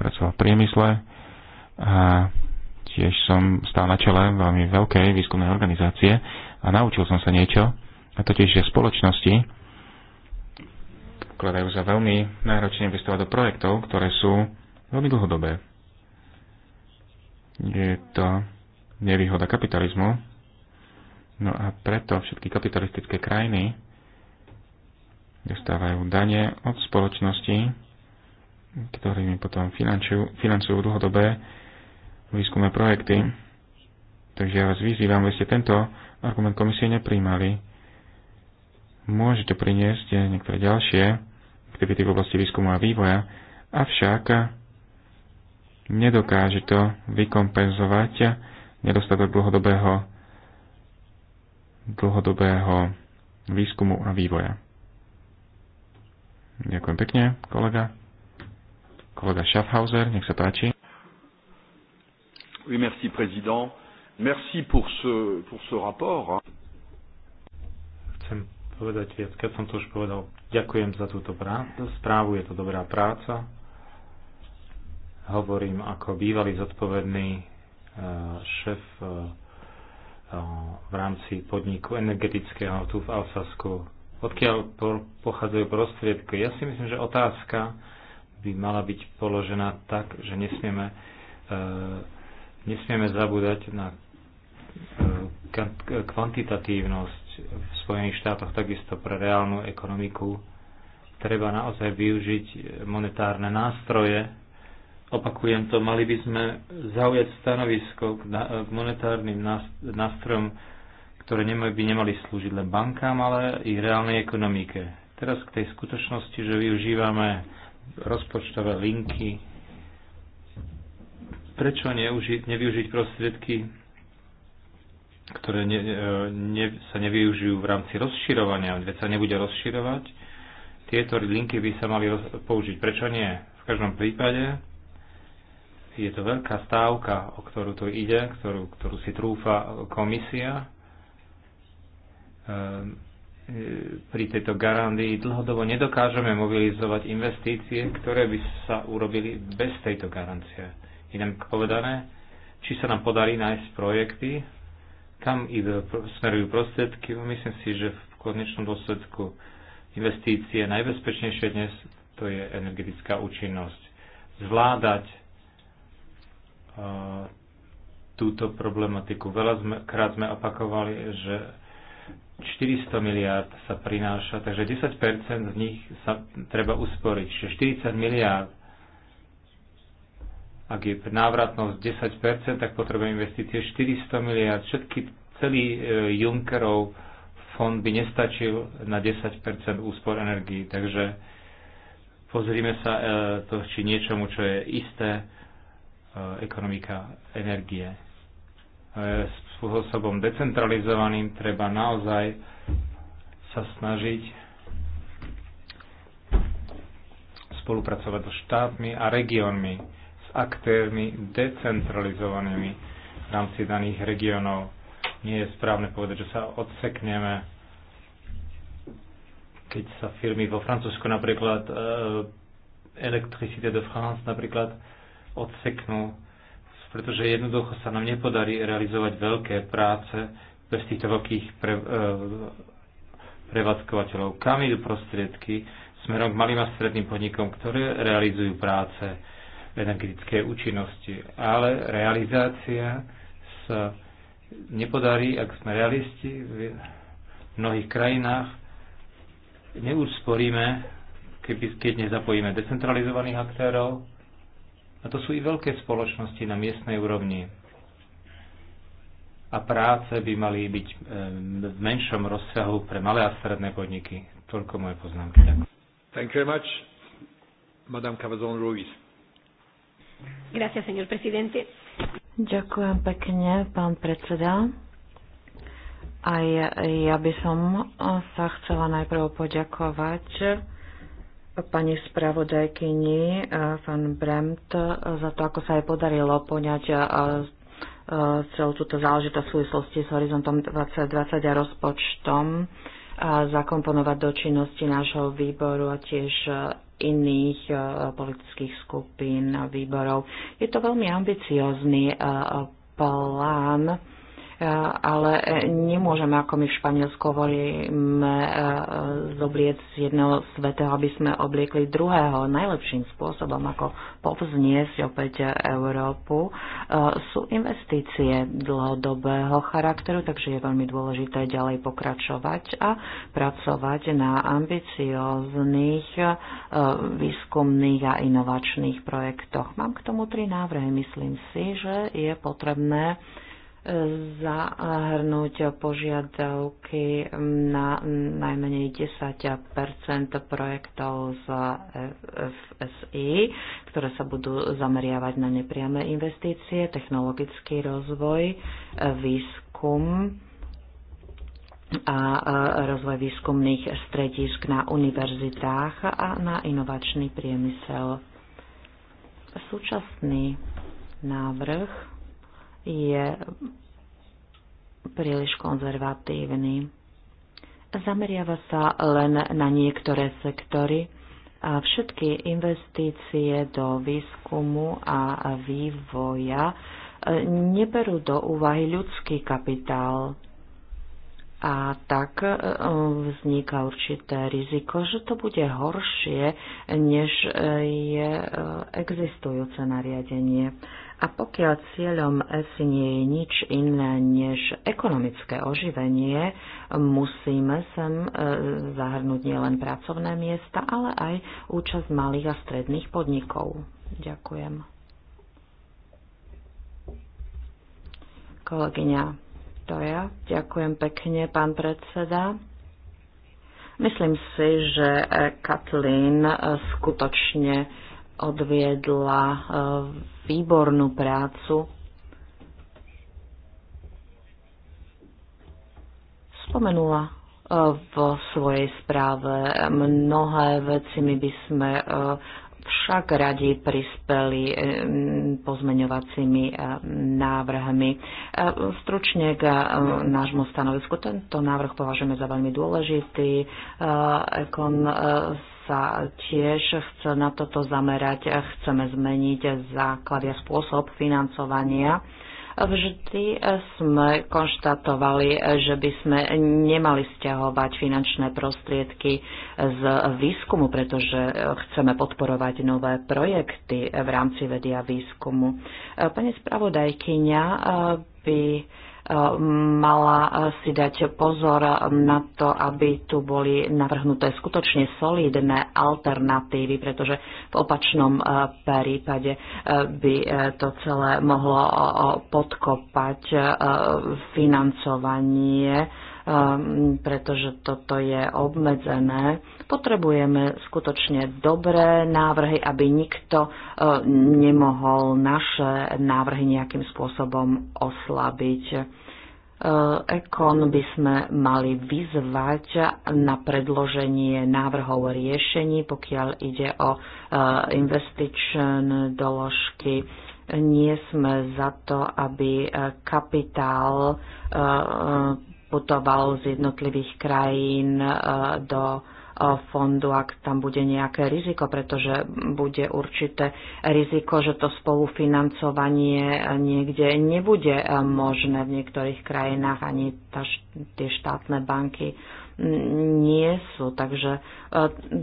pracoval v priemysle a tiež som stál na čele veľmi veľkej výskumnej organizácie a naučil som sa niečo, a totiž, že spoločnosti kladajú za veľmi náročne investovať do projektov, ktoré sú veľmi dlhodobé je to nevýhoda kapitalizmu. No a preto všetky kapitalistické krajiny dostávajú dane od spoločnosti, ktorými potom financujú, financujú dlhodobé výskumné projekty. Takže ja vás vyzývam, aby ste tento argument komisie nepríjmali. Môžete priniesť niektoré ďalšie aktivity v oblasti výskumu a vývoja, avšak nedokáže to vykompenzovať nedostatok dlhodobého, dlhodobého výskumu a vývoja. Ďakujem pekne, kolega. Kolega Schaffhauser, nech sa páči. Oui, merci, président. Merci pour ce, pour ce rapport. Chcem povedať viac, keď som to už povedal. Ďakujem za túto správu, je to dobrá práca Hovorím ako bývalý zodpovedný e, šéf e, e, v rámci podniku energetického tu v Alsasku. Odkiaľ pochádzajú prostriedky? Ja si myslím, že otázka by mala byť položená tak, že nesmieme, nesmieme zabúdať na kvantitatívnosť v Spojených štátoch takisto pre reálnu ekonomiku treba naozaj využiť monetárne nástroje Opakujem to, mali by sme zaujať stanovisko k monetárnym nástrojom, ktoré by nemali slúžiť len bankám, ale i reálnej ekonomike. Teraz k tej skutočnosti, že využívame rozpočtové linky. Prečo neužiť, nevyužiť prostriedky, ktoré ne, e, ne, sa nevyužijú v rámci rozširovania, veď sa nebude rozširovať? Tieto linky by sa mali použiť. Prečo nie? V každom prípade je to veľká stávka, o ktorú tu ide, ktorú, ktorú si trúfa komisia. Ehm, e, pri tejto garandii dlhodobo nedokážeme mobilizovať investície, ktoré by sa urobili bez tejto garancie. Inak povedané, či sa nám podarí nájsť projekty, kam idú, smerujú prostriedky. Myslím si, že v konečnom dôsledku investície najbezpečnejšie dnes to je energetická účinnosť. Zvládať túto problematiku. Veľa sme, krát sme opakovali, že 400 miliárd sa prináša, takže 10% z nich sa treba usporiť. Čiže 40 miliárd, ak je návratnosť 10%, tak potrebujeme investície 400 miliárd. Všetky, celý e, Junckerov fond by nestačil na 10% úspor energii. Takže pozrime sa e, to, či niečomu, čo je isté, Eh, ekonomika energie. Eh, spôsobom decentralizovaným treba naozaj sa snažiť spolupracovať so štátmi a regiónmi, s aktérmi decentralizovanými v rámci daných regiónov. Nie je správne povedať, že sa odsekneme, keď sa firmy vo Francúzsku napríklad eh, Electricité de France napríklad odseknú, pretože jednoducho sa nám nepodarí realizovať veľké práce bez týchto veľkých pre, e, prevádzkovateľov. Kam idú prostriedky smerom k malým a stredným podnikom, ktoré realizujú práce v energetickej účinnosti. Ale realizácia sa nepodarí, ak sme realisti v mnohých krajinách, neusporíme, keby, keď nezapojíme decentralizovaných aktérov, a to sú i veľké spoločnosti na miestnej úrovni. A práce by mali byť eh, v menšom rozsahu pre malé a stredné podniky. Toľko moje poznámky. Ďakujem. Thank you very much. Madame Cavazon Ruiz. Gracias, señor presidente. Ďakujem pekne, pán predseda. Aj ja by som sa chcela najprv poďakovať pani spravodajkyni Van eh, Bremt eh, za to, ako sa jej podarilo poňať eh, celú túto záležitosť v súvislosti s Horizontom 2020 a rozpočtom a zakomponovať do činnosti nášho výboru a tiež iných politických skupín a výborov. Je to veľmi ambiciózny plán ale e, nemôžeme, ako my v Španielsku hovoríme, e, zobliec jedného svetého, aby sme obliekli druhého. Najlepším spôsobom, ako povzniesť opäť Európu, e, sú investície dlhodobého charakteru, takže je veľmi dôležité ďalej pokračovať a pracovať na ambicióznych výskumných a inovačných projektoch. Mám k tomu tri návrhy. Myslím si, že je potrebné zahrnúť požiadavky na najmenej 10 projektov z FSI, ktoré sa budú zameriavať na nepriame investície, technologický rozvoj, výskum a rozvoj výskumných stredisk na univerzitách a na inovačný priemysel. Súčasný návrh je príliš konzervatívny. Zameriava sa len na niektoré sektory a všetky investície do výskumu a vývoja e, neberú do úvahy ľudský kapitál. A tak e, vzniká určité riziko, že to bude horšie, než e, je existujúce nariadenie. A pokiaľ cieľom si nie je nič iné než ekonomické oživenie, musíme sem e, zahrnúť nielen pracovné miesta, ale aj účasť malých a stredných podnikov. Ďakujem. Kolegyňa Toja, ďakujem pekne, pán predseda. Myslím si, že e, Katlín e, skutočne odviedla výbornú prácu. Spomenula e, v svojej správe mnohé veci, my by sme e, však radi prispeli e, pozmeňovacími návrhmi. Stručne k nášmu stanovisku. Tento návrh považujeme za veľmi dôležitý. Ekon sa tiež chce na toto zamerať. Chceme zmeniť základy a spôsob financovania. Vždy sme konštatovali, že by sme nemali stiahovať finančné prostriedky z výskumu, pretože chceme podporovať nové projekty v rámci vedia výskumu. Pani spravodajkyňa by mala si dať pozor na to, aby tu boli navrhnuté skutočne solidné alternatívy, pretože v opačnom eh, prípade eh, by eh, to celé mohlo podkopať financovanie Ehm, pretože toto je obmedzené. Potrebujeme skutočne dobré návrhy, aby nikto eh, nemohol naše návrhy nejakým spôsobom oslabiť. Eh, Ekon by sme mali vyzvať na predloženie návrhov riešení, pokiaľ ide o eh, investičné doložky. Nie sme za to, aby kapitál putovalo z jednotlivých krajín e, do e, fondu, ak tam bude nejaké riziko, pretože bude určité riziko, že to spolufinancovanie niekde nebude e, možné v niektorých krajinách, ani tá, tie štátne banky nie sú. Takže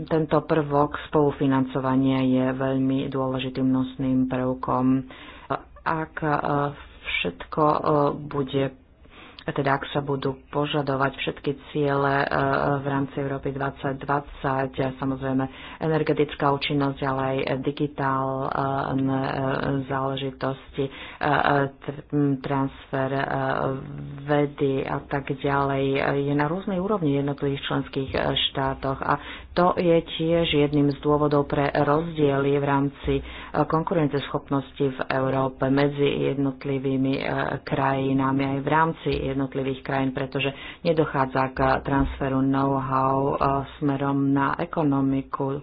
tento prvok spolufinancovania je veľmi dôležitým nosným prvkom. Ak všetko bude teda ak sa budú požadovať všetky ciele e, v rámci Európy 2020, samozrejme energetická účinnosť, ale aj digitálne e, záležitosti, e, transfer vedy a tak ďalej, je na rôznej úrovni jednotlivých členských štátoch a to je tiež jedným z dôvodov pre rozdiely v rámci eh, konkurenceschopnosti v Európe medzi jednotlivými eh, krajinami aj v rámci jednotlivých krajín, pretože nedochádza k transferu know-how eh, smerom na ekonomiku.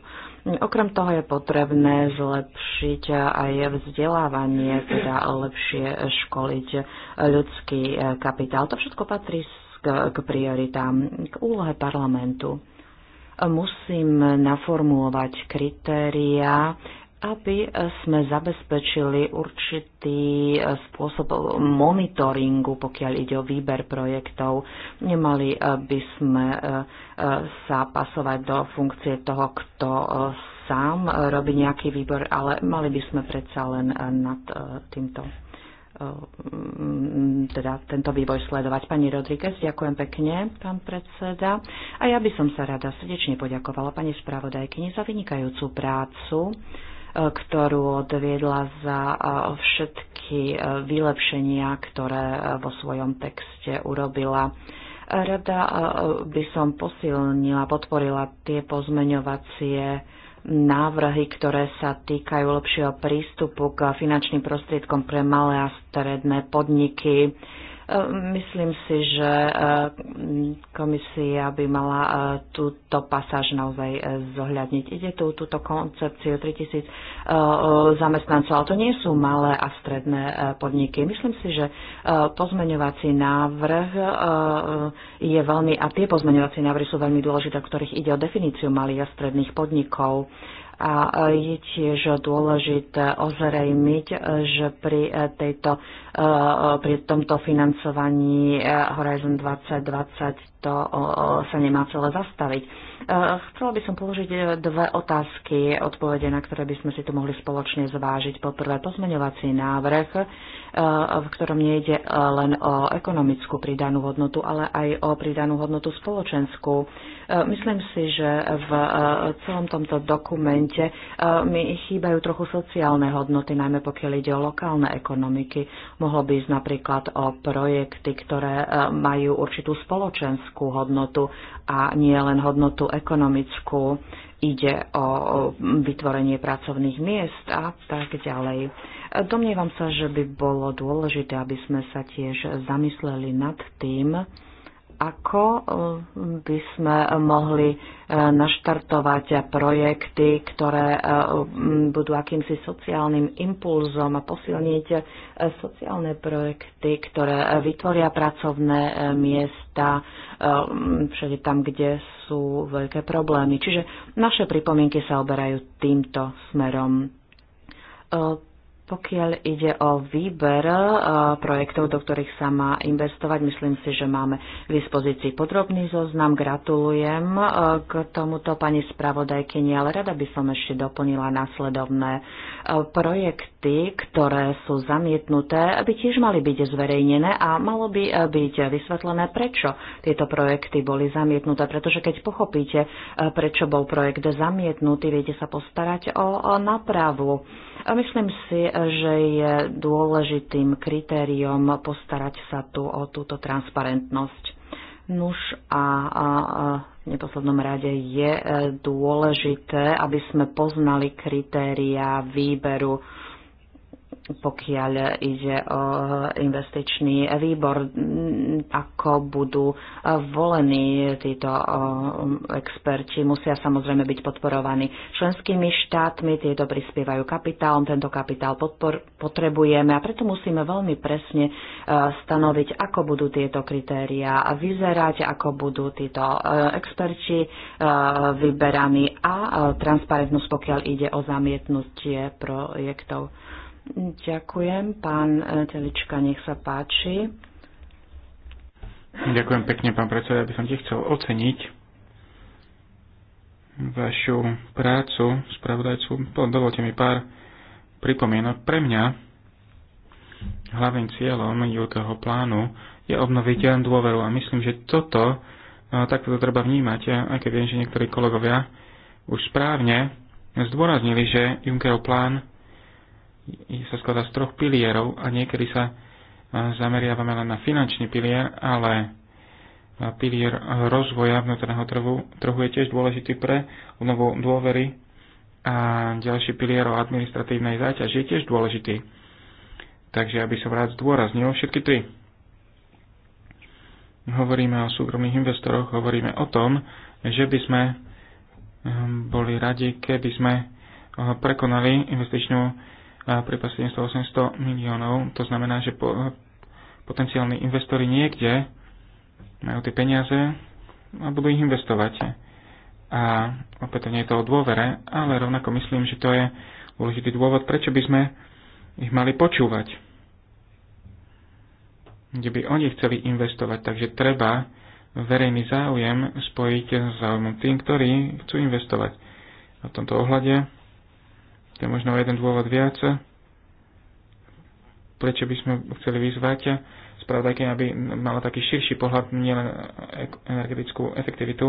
Okrem toho je potrebné zlepšiť aj vzdelávanie, teda lepšie školiť ľudský kapitál. To všetko patrí k, prioritám, k úlohe parlamentu musím naformulovať kritériá, aby sme zabezpečili určitý eh, spôsob eh, monitoringu, pokiaľ ide o výber projektov. Nemali eh, by sme sa pasovať do funkcie toho, kto sám robí nejaký výbor, ale mali by sme predsa len nad týmto Eh, teda tento vývoj sledovať. Pani Rodríguez, ďakujem pekne, pán predseda. A ja by som sa rada srdečne poďakovala pani spravodajkyni za vynikajúcu prácu eh, ktorú odviedla za eh, všetky vylepšenia, ktoré vo svojom texte urobila. Rada by som posilnila, podporila tie pozmeňovacie návrhy, ktoré sa týkajú lepšieho prístupu k finančným prostriedkom pre malé a stredné podniky E, myslím si, že e, komisia by mala e, túto pasáž naozaj zohľadniť. Ide tu túto koncepciu 3000 zamestnancov, ale to nie sú malé a stredné podniky. Myslím si, že pozmeňovací návrh je veľmi, a tie pozmeňovací návrhy sú veľmi dôležité, ktorých ide o definíciu malých a stredných podnikov a e, je tiež dôležité ozrejmiť, e, že pri, e, tejto, pri tomto financovaní Horizon 2020 to sa nemá celé zastaviť Eh, chcela by som položiť eh, dve otázky, odpovede, na ktoré by sme si tu mohli spoločne zvážiť. Poprvé, pozmeňovací návrh, eh, v ktorom nejde len o ekonomickú pridanú hodnotu, ale aj o pridanú hodnotu spoločenskú. Myslím si, že v celom tomto dokumente mi chýbajú trochu sociálne hodnoty, najmä pokiaľ ide o lokálne ekonomiky. Mohlo by ísť napríklad o projekty, ktoré majú určitú spoločenskú hodnotu a nie len hodnotu ekonomickú, ide o vytvorenie pracovných miest a tak ďalej. Domnievam sa, že by bolo dôležité, aby sme sa tiež zamysleli nad tým, ako eh, by sme eh, mohli eh, naštartovať projekty, ktoré budú akýmsi sociálnym impulzom a posilniť sociálne projekty, ktoré vytvoria pracovné miesta všade tam, kde sú veľké problémy. Čiže naše pripomienky sa oberajú týmto smerom pokiaľ ide o výber e, projektov, do ktorých sa má investovať, myslím si, že máme k dispozícii podrobný zoznam. Gratulujem e, k tomuto pani spravodajkyni, ale rada by som ešte doplnila následovné e, projekty, ktoré sú zamietnuté, by tiež mali byť zverejnené a malo by byť vysvetlené, prečo tieto projekty boli zamietnuté. Pretože keď pochopíte, prečo bol projekt zamietnutý, viete sa postarať o napravu. A myslím si, že je dôležitým kritériom postarať sa tu o túto transparentnosť. Nuž a, a, a v neposlednom rade je e, dôležité, aby sme poznali kritéria výberu pokiaľ ide o investičný výbor, ako budú volení títo experti. Musia samozrejme byť podporovaní členskými štátmi, tieto prispievajú kapitálom, tento kapitál podpor- potrebujeme a preto musíme veľmi presne e, stanoviť, ako budú tieto kritéria vyzerať, ako budú títo e, experti e, vyberaní a transparentnosť, pokiaľ ide o zamietnutie projektov. Ďakujem. Pán e, Telička, nech sa páči. Ďakujem pekne, pán predseda. Ja by som ti chcel oceniť vašu prácu spravodajcu. Dovolte mi pár pripomienok. Pre mňa hlavným cieľom Juteho plánu je obnoviť len dôveru a myslím, že toto e, takto to treba vnímať, e, aj keď viem, že niektorí kolegovia už správne zdôraznili, že Junckerov plán sa skladá z troch pilierov a niekedy sa e, zameriavame len na finančný pilier, ale e, pilier rozvoja vnútorného trhu, trhu je tiež dôležitý pre obnovu dôvery a ďalší pilier o administratívnej záťaži je tiež dôležitý. Takže aby som rád zdôraznil všetky tri. Hovoríme o súkromných investoroch, hovoríme o tom, že by sme e, boli radi, keby sme prekonali investičnú prípad 700-800 miliónov. To znamená, že po, potenciálni investori niekde majú tie peniaze a budú ich investovať. A opätovne je to o dôvere, ale rovnako myslím, že to je dôležitý dôvod, prečo by sme ich mali počúvať. Kde by oni chceli investovať. Takže treba verejný záujem spojiť s záujmom tým, ktorí chcú investovať. A v tomto ohľade to je možno jeden dôvod viac, prečo by sme chceli vyzvať spravodajky, aby mala taký širší pohľad nielen energetickú efektivitu,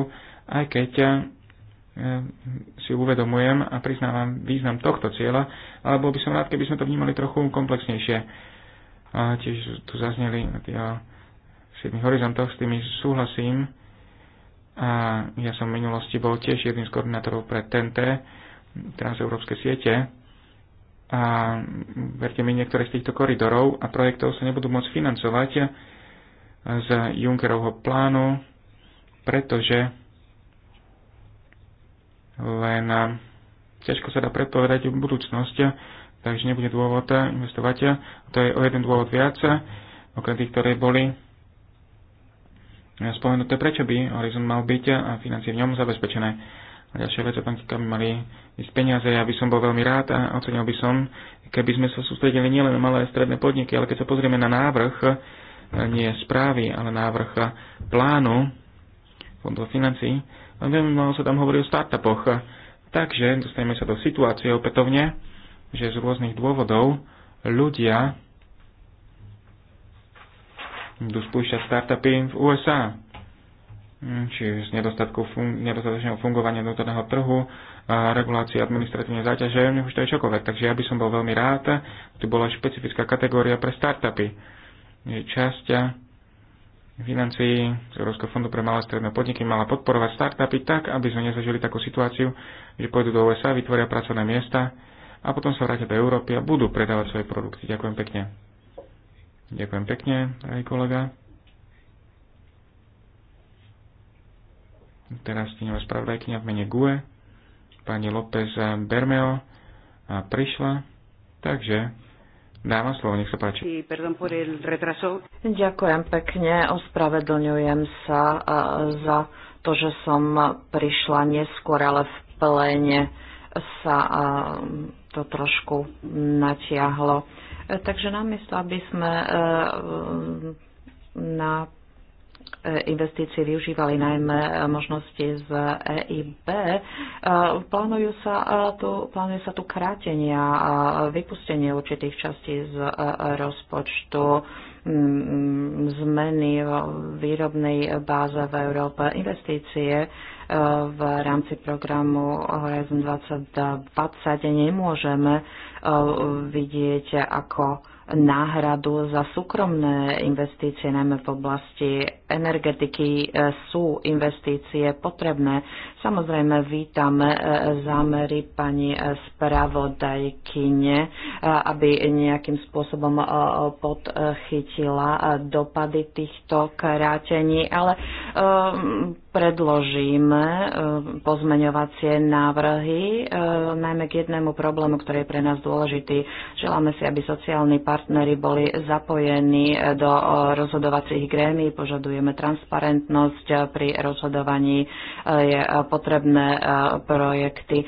aj keď eh, si uvedomujem a priznávam význam tohto cieľa, ale bol by som rád, keby sme to vnímali trochu komplexnejšie. A tiež tu zazneli tých eh, siedmých horizontoch, s tými súhlasím. A ja som v minulosti bol tiež jedným z koordinátorov pre TNT transeurópske siete a verte mi, niektoré z týchto koridorov a projektov sa nebudú môcť financovať z Junckerovho plánu, pretože len ťažko sa dá predpovedať budúcnosť, takže nebude dôvod investovať. To je o jeden dôvod viac, okrem tých, ktoré boli spomenuté, prečo by Horizon mal byť a financie v ňom zabezpečené. A ďalšia vec, pán Kika, by mali ísť peniaze. Ja by som bol veľmi rád a ocenil by som, keby sme sa sústredili nielen na malé a stredné podniky, ale keď sa pozrieme na návrh, eh, nie správy, ale návrh eh, plánu fondov financí, veľmi malo sa tam hovorí o startupoch. Takže dostaneme sa do situácie opätovne, že z rôznych dôvodov ľudia budú spúšťať startupy v USA. Mm, či z nedostatku fun- nedostatečného fungovania vnútorného trhu, a regulácie administratívnej záťaže, nech už to je čokoľvek. Takže ja by som bol veľmi rád, tu bola špecifická kategória pre startupy. Časť eh, financií z Európskeho fondu pre malé a stredné podniky mala podporovať startupy tak, aby sme nezažili takú situáciu, že pôjdu do USA, vytvoria pracovné miesta a potom sa vrátia do Európy a budú predávať svoje produkty. Ďakujem pekne. Ďakujem pekne, aj kolega. teraz tieňová spravodajkynia v mene GUE, pani López Bermeo a prišla, takže dávam slovo, nech sa páči. Ďakujem pekne, ospravedlňujem sa za to, že som prišla neskôr, ale v pléne sa to trošku natiahlo. E, takže namiesto, aby sme e, na investície využívali najmä možnosti z EIB. Plánujú sa e, tu, plánuje sa tu krátenia a vypustenie určitých častí z e, rozpočtu mm, mm, zmeny výrobnej báze v Európe, investície e, v rámci programu Horizon 2020 nemôžeme vidieť ako náhradu za súkromné investície, najmä v oblasti energetiky, e, sú investície potrebné. Samozrejme, vítame zámery pani e, spravodajkyne, e, aby nejakým spôsobom podchytila dopady týchto krátení, ale predložíme e, pozmeňovacie návrhy, e, najmä k jednému problému, ktorý je pre nás dôležitý. Želáme si, aby sociálni partnery boli zapojení e, do rozhodovacích grémií, požadujeme transparentnosť pri rozhodovaní, je potrebné projekty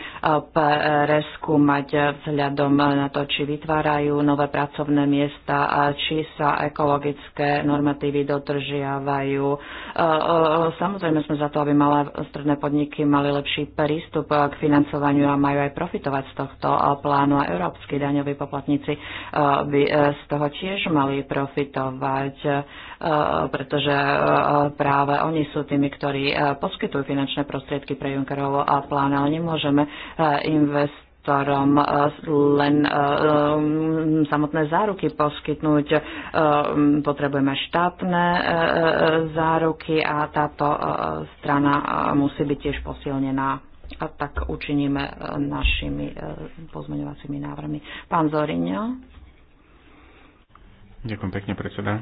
preskúmať vzhľadom na to, či vytvárajú nové pracovné miesta, či sa ekologické normatívy dodržiavajú. Samozrejme sme sme vlastne za to, aby malé stredné podniky mali lepší prístup k financovaniu a majú aj profitovať z tohto plánu a európsky daňoví poplatníci e, by e, z toho tiež mali profitovať, e, pretože práve oni sú tými, ktorí poskytujú finančné prostriedky pre Junckerovo plán, ale nemôžeme investovať ktorom eh, len eh, eh, samotné záruky poskytnúť. Mm, potrebujeme štátne záruky a táto strana musí byť tiež posilnená. A tak učiníme našimi pozmeňovacími návrhmi. Pán Zoriňo. Ďakujem pekne, predseda.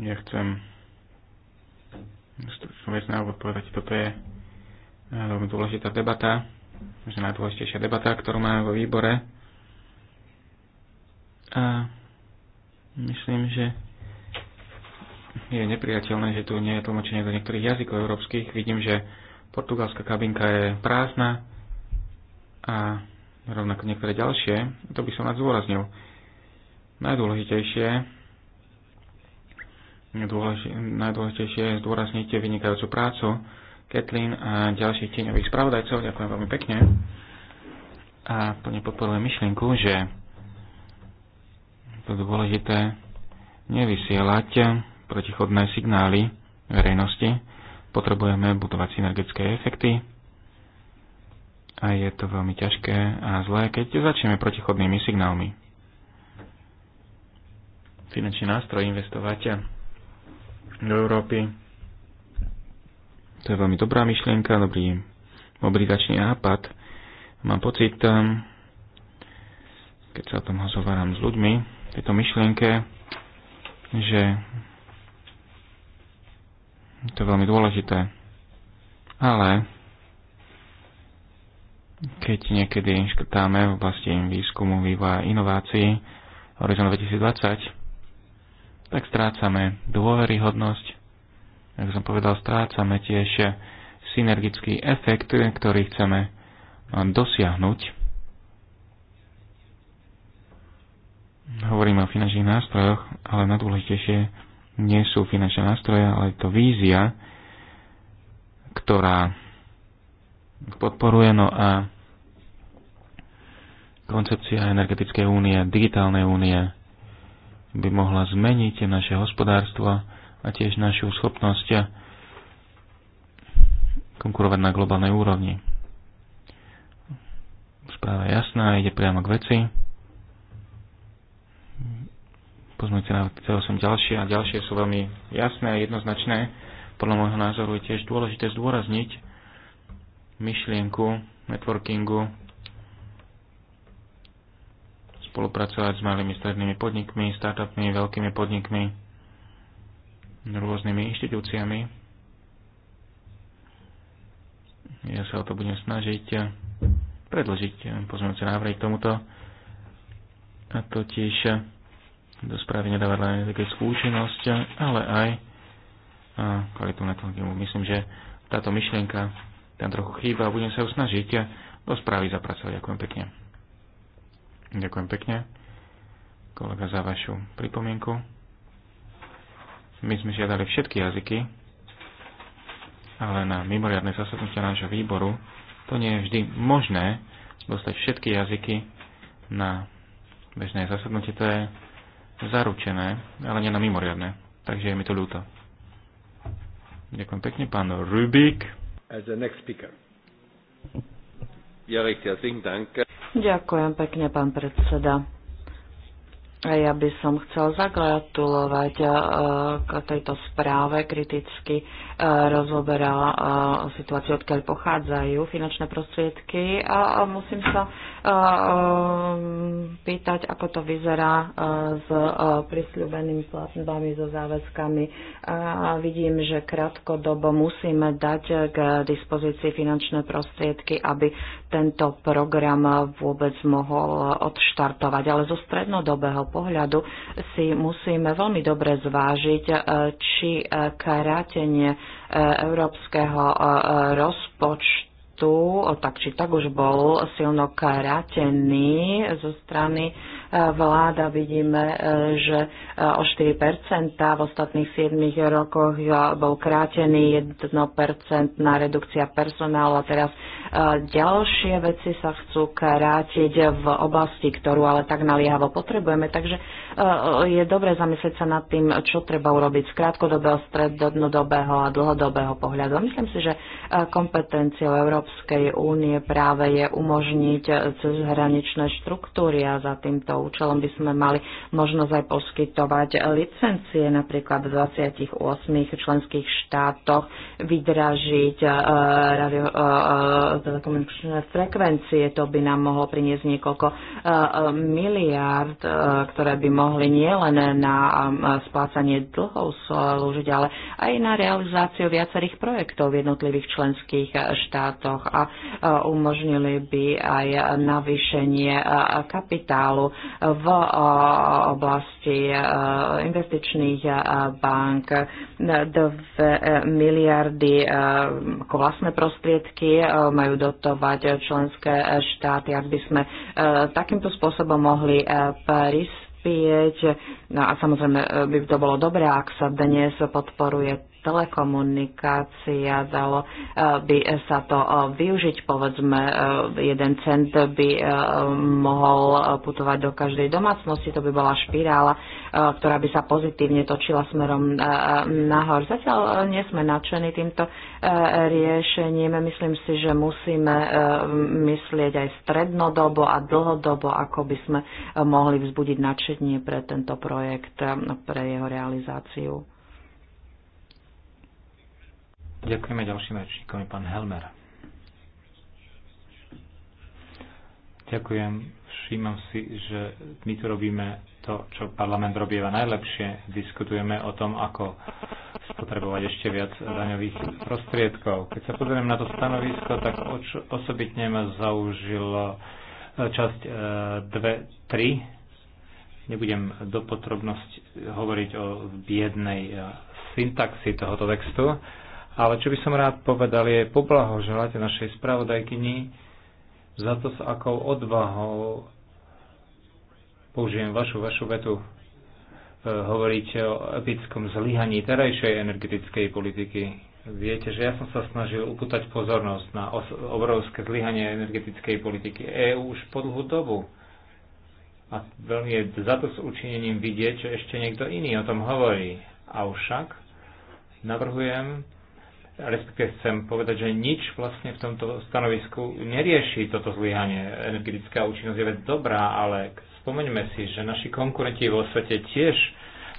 Ja chcem stručnú vec na odpovedať. Toto je veľmi dôležitá debata možno najdôležitejšia debata, ktorú máme vo výbore. A myslím, že je nepriateľné, že tu nie je tlmočenie do niektorých jazykov európskych. Vidím, že portugalská kabinka je prázdna a rovnako niektoré ďalšie. To by som rád zdôraznil. Najdôležitejšie, najdôležitejšie je zdôrazniť vynikajúcu prácu, Kathleen a ďalších tieňových spravodajcov. Ďakujem veľmi pekne. A plne podporujem myšlienku, že to dôležité nevysielať protichodné signály verejnosti. Potrebujeme budovať synergické efekty a je to veľmi ťažké a zlé, keď začneme protichodnými signálmi. Finančný nástroj investovať do Európy to je veľmi dobrá myšlienka, dobrý mobilizačný nápad. Mám pocit, ehm, keď sa o tom hozováram s ľuďmi, tejto myšlienke, že to je veľmi dôležité. Ale keď niekedy škrtáme v oblasti výskumu, vývoja a inovácií Horizon 2020, tak strácame dôveryhodnosť ako som povedal, strácame tiež synergický efekt, ktorý chceme dosiahnuť. Hovoríme o finančných nástrojoch, ale najdôležitejšie nie sú finančné nástroje, ale je to vízia, ktorá podporuje no a koncepcia energetickej únie, digitálnej únie by mohla zmeniť naše hospodárstvo, a tiež našu schopnosť konkurovať na globálnej úrovni. Správa je jasná, ide priamo k veci. Pozmite na c som ďalšie a ďalšie sú veľmi jasné a jednoznačné. Podľa môjho názoru je tiež dôležité zdôrazniť myšlienku networkingu, spolupracovať s malými strednými podnikmi, startupmi, veľkými podnikmi, rôznymi inštitúciami. Ja sa o to budem snažiť eh, predložiť eh, pozmeňujúce návrhy k tomuto. A totiž eh, do správy nedávať len také skúsenosť, ale aj kvalitu tom, Myslím, že táto myšlienka tam trochu chýba a budem sa ju snažiť do správy zapracovať. Ďakujem pekne. Ďakujem pekne, kolega, za vašu pripomienku. My sme žiadali všetky jazyky, ale na mimoriadne zasadnutia nášho výboru to nie je vždy možné dostať všetky jazyky na bežné zasadnutie. To je zaručené, ale nie na mimoriadne. Takže je mi to ľúto. Ďakujem pekne, pán Rubik. As the next speaker. Ja, Ďakujem pekne, pán predseda. Ja by som chcel zagratulovať e, k tejto správe. Kriticky e, rozoberala e, situáciu, odkiaľ pochádzajú finančné prostriedky a musím sa pýtať, ako to vyzerá s prisľúbenými platbami, so záväzkami. A vidím, že krátkodobo musíme dať k dispozícii finančné prostriedky, aby tento program vôbec mohol odštartovať. Ale zo strednodobého pohľadu si musíme veľmi dobre zvážiť, e, či e, krátenie e, európskeho rozpočtu tu tak či tak už bol silno krátený zo strany e, vláda. Vidíme, e, že e, o 4% v ostatných 7 rokoch bol krátený 1% na redukcia personálu a teraz ďalšie veci sa chcú krátiť v oblasti, ktorú ale tak naliehavo potrebujeme. Takže je dobre zamyslieť sa nad tým, čo treba urobiť z krátkodobého, strednodobého a dlhodobého pohľadu. A myslím si, že kompetenciou Európe Európskej únie práve je umožniť cezhraničné štruktúry a za týmto účelom by sme mali možnosť aj poskytovať licencie napríklad v 28 členských štátoch, vydražiť eh, radio, eh, eh, telekomunikačné frekvencie. To by nám mohlo priniesť niekoľko miliárd, ktoré by mohli nielen na splácanie dlhov slúžiť, ale aj na realizáciu viacerých projektov v jednotlivých členských štátoch rokoch a umožnili by aj navýšenie kapitálu v oblasti investičných bank 2 miliardy ako vlastné prostriedky majú dotovať členské štáty, ak by sme takýmto spôsobom mohli prispieť. No a samozrejme by to bolo dobré, ak sa dnes podporuje telekomunikácia, dalo eh, by sa to eh, využiť, povedzme, eh, jeden cent by mohol putovať do každej domácnosti, to by bola špirála, ktorá by sa pozitívne točila smerom nahor. Zatiaľ nie sme nadšení týmto riešením. Myslím si, že musíme myslieť aj strednodobo a dlhodobo, ako by sme mohli vzbudiť nadšenie pre tento projekt, pre jeho realizáciu. Ďakujeme ďalším rečníkom, pán Helmer. Ďakujem. Všímam si, že my tu robíme to, čo parlament robíva najlepšie. Diskutujeme o tom, ako spotrebovať ešte viac daňových prostriedkov. Keď sa pozriem na to stanovisko, tak osobitne ma zaužilo e, časť 2.3. E, Nebudem do potrobnosť hovoriť o biednej e, syntaxi tohoto textu. Ale čo by som rád povedal je poblahoželať našej spravodajkyni za to, s akou odvahou použijem vašu, vašu vetu e, hovoríte o epickom zlyhaní terajšej energetickej politiky. Viete, že ja som sa snažil upútať pozornosť na obrovské zlyhanie energetickej politiky EÚ už po dlhú dobu. A veľmi je za to s učinením vidieť, že ešte niekto iný o tom hovorí. Avšak navrhujem respektíve chcem povedať, že nič vlastne v tomto stanovisku nerieši toto zlyhanie. Energetická účinnosť je vec dobrá, ale spomeňme si, že naši konkurenti vo svete tiež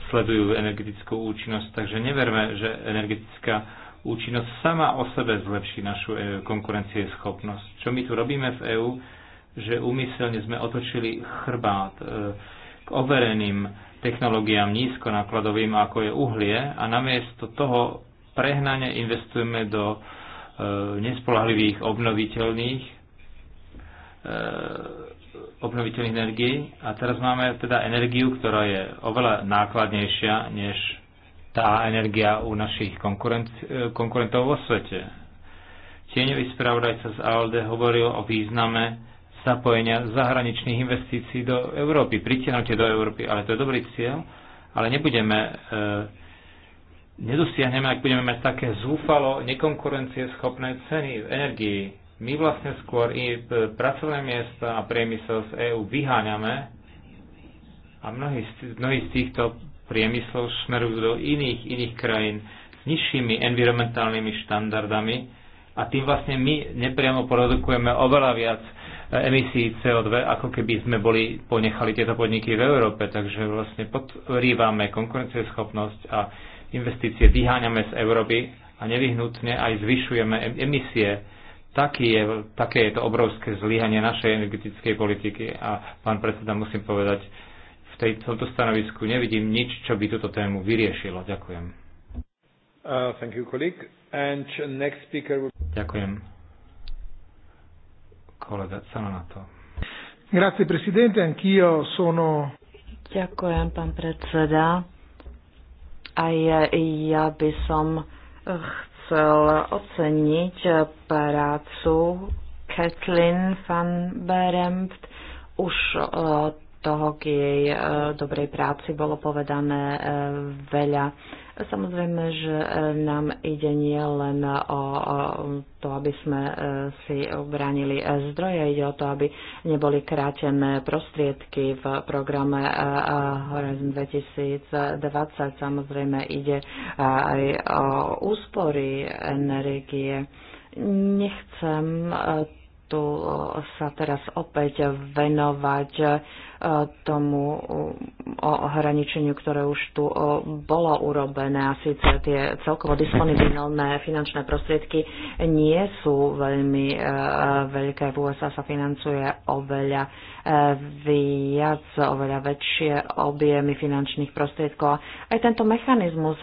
sledujú energetickú účinnosť, takže neverme, že energetická účinnosť sama o sebe zlepší našu e, konkurencieschopnosť. Čo my tu robíme v EÚ, že úmyselne sme otočili chrbát e, k overeným technológiám nízkonákladovým, ako je uhlie, a namiesto toho prehnane investujeme do e, nespolahlivých obnoviteľných e, obnoviteľných energií a teraz máme teda energiu, ktorá je oveľa nákladnejšia než tá energia u našich konkurent, e, konkurentov vo svete. Tieňový spravodajca z ALDE hovoril o význame zapojenia zahraničných investícií do Európy, pritiahnutie do Európy, ale to je dobrý cieľ, ale nebudeme e, nedosiahneme, ak budeme mať také zúfalo schopné ceny v energii. My vlastne skôr i pracovné miesta a priemysel z EÚ vyháňame a mnohí, mnohí z týchto priemyslov smerujú do iných, iných krajín s nižšími environmentálnymi štandardami a tým vlastne my nepriamo produkujeme oveľa viac e, emisí CO2, ako keby sme boli, ponechali tieto podniky v Európe. Takže vlastne podrývame konkurencieschopnosť a investície vyháňame z Európy a nevyhnutne aj zvyšujeme emisie. Taký je, také je to obrovské zlyhanie našej energetickej politiky a pán predseda, musím povedať, v tej, tomto stanovisku nevidím nič, čo by túto tému vyriešilo. Ďakujem. Uh, thank you, colleague. And next speaker will... Ďakujem. Kolega to. Grazie, presidente. Anch'io sono... Ďakujem, pán predseda. Aj ja by som chcel oceniť prácu Kathleen van Berempt. Už e, toho k jej e, dobrej práci bolo povedané e, veľa Samozrejme, že e, nám ide nie len o to, aby sme e, si obránili e, zdroje, ide o to, aby neboli krátené prostriedky v programe Horizon 2020. Samozrejme, ide aj o úspory energie. Nechcem tu sa teraz opäť venovať E, tomu ohraničeniu, ktoré už tu e, bolo urobené a síce tie celkovo disponibilné finančné prostriedky nie sú veľmi e, veľké. V USA sa financuje oveľa viac, oveľa väčšie objemy finančných prostriedkov. Aj tento mechanizmus,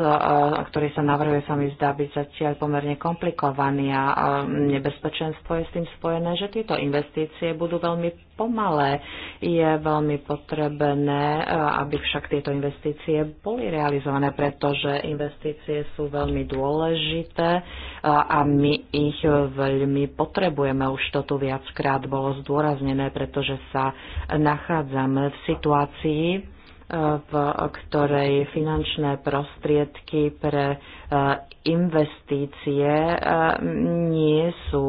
ktorý sa navrhuje, sa mi zdá byť zatiaľ pomerne komplikovaný a nebezpečenstvo je s tým spojené, že tieto investície budú veľmi pomalé. Je veľmi veľmi potrebné, e, aby však tieto investície boli realizované, pretože investície sú veľmi dôležité e, a my ich veľmi potrebujeme. Už to tu viackrát bolo zdôraznené, pretože sa nachádzame v situácii, e, v ktorej finančné prostriedky pre investície nie sú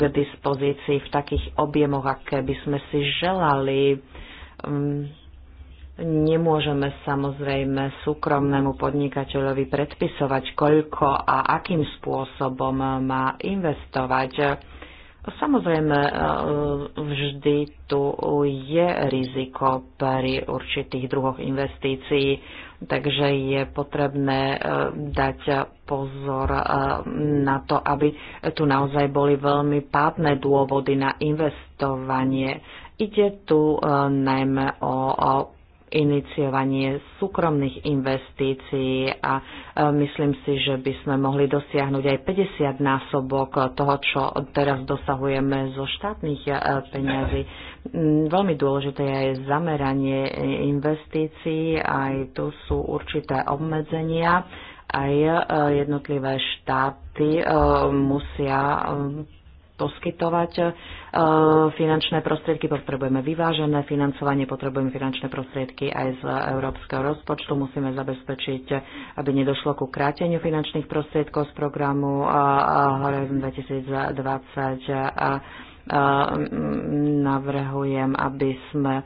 k dispozícii v takých objemoch, aké by sme si želali. Mm, nemôžeme samozrejme súkromnému podnikateľovi predpisovať, koľko a akým spôsobom má investovať. Samozrejme, e, vždy tu je riziko pri určitých druhoch investícií, takže je potrebné e, dať pozor e, na to, aby tu naozaj boli veľmi pádne dôvody na investovanie Ide tu e, najmä o, o iniciovanie súkromných investícií a e, myslím si, že by sme mohli dosiahnuť aj 50 násobok toho, čo teraz dosahujeme zo štátnych e, peňazí. Mm, veľmi dôležité je aj zameranie investícií, aj tu sú určité obmedzenia, aj jednotlivé štáty musia poskytovať e, finančné prostriedky, potrebujeme vyvážené financovanie, potrebujeme finančné prostriedky aj z európskeho rozpočtu, musíme zabezpečiť, aby nedošlo ku kráteniu finančných prostriedkov z programu e, e, Horizon 2020 a navrhujem, aby sme e,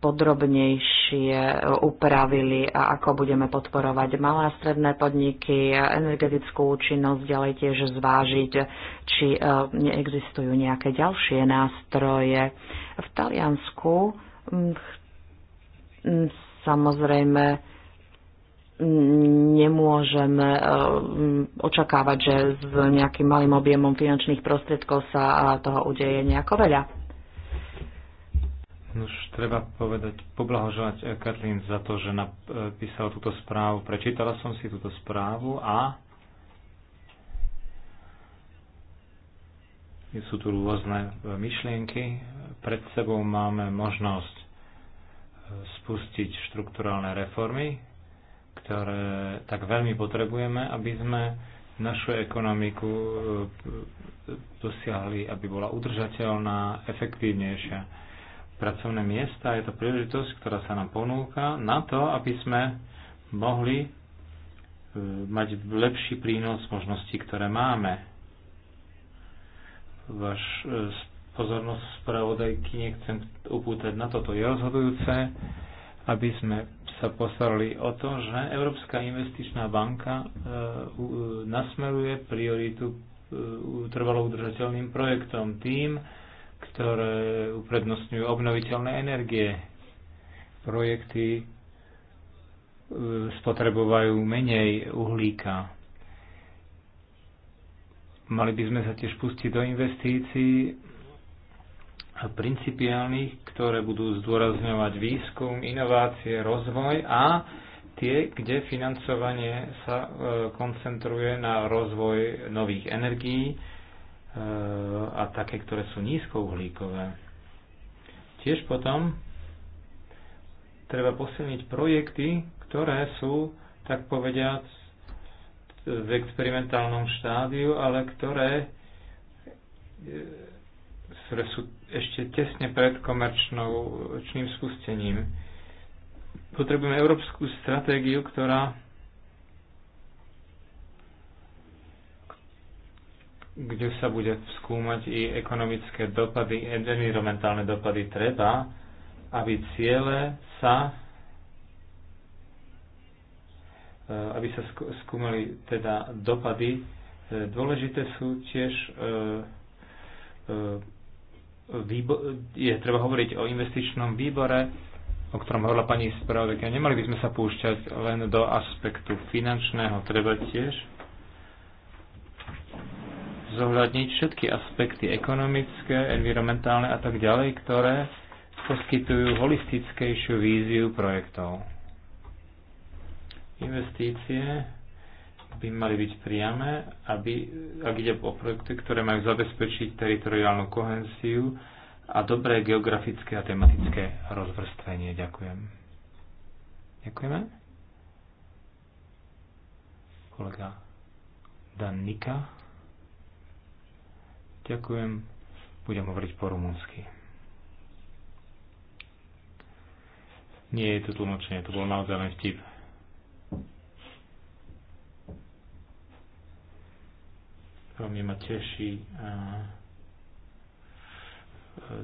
podrobnejšie upravili, ako budeme podporovať malé a stredné podniky, energetickú účinnosť, ďalej tiež zvážiť, či e, neexistujú nejaké ďalšie nástroje. V Taliansku samozrejme nemôžeme eh, mm, očakávať, že s nejakým malým objemom finančných prostriedkov sa toho udeje nejako veľa. Už treba povedať, poblahoželať eh, Katlín za to, že napísala eh, túto správu. Prečítala som si túto správu a sú tu rôzne myšlienky. Pred sebou máme možnosť spustiť štrukturálne reformy, ktoré tak veľmi potrebujeme, aby sme našu ekonomiku e, dosiahli, aby bola udržateľná, efektívnejšia. Pracovné miesta je to príležitosť, ktorá sa nám ponúka na to, aby sme mohli e, mať lepší prínos možností, ktoré máme. Váš e, pozornosť spravodajky nechcem upútať na toto. Je rozhodujúce, aby sme sa postarali o to, že Európska investičná banka e, e, nasmeruje prioritu e, trvalo udržateľným projektom tým, ktoré uprednostňujú obnoviteľné energie. Projekty spotrebovajú menej uhlíka. Mali by sme sa tiež pustiť do investícií principiálnych, ktoré budú zdôrazňovať výskum, inovácie, rozvoj a tie, kde financovanie sa e, koncentruje na rozvoj nových energií e, a také, ktoré sú nízkouhlíkové. Tiež potom treba posilniť projekty, ktoré sú, tak povediať, v experimentálnom štádiu, ale ktoré e, ktoré sú ešte tesne pred komerčným spustením. Potrebujeme európsku stratégiu, ktorá kde sa bude skúmať i ekonomické dopady, environmentálne dopady treba, aby ciele sa eh, aby sa skúmali teda dopady. Eh, dôležité sú tiež eh, je treba hovoriť o investičnom výbore, o ktorom hovorila pani spravodajka. Nemali by sme sa púšťať len do aspektu finančného, treba tiež zohľadniť všetky aspekty ekonomické, environmentálne a tak ďalej, ktoré poskytujú holistickejšiu víziu projektov. Investície by mali byť priame, aby, ak ide o projekty, ktoré majú zabezpečiť teritoriálnu kohenciu a dobré geografické a tematické rozvrstvenie. Ďakujem. Ďakujeme. Kolega Danika. Ďakujem. Budem hovoriť po rumúnsky. Nie je to tlmočenie, to bol naozaj len vtip. Veľmi ma teší, e,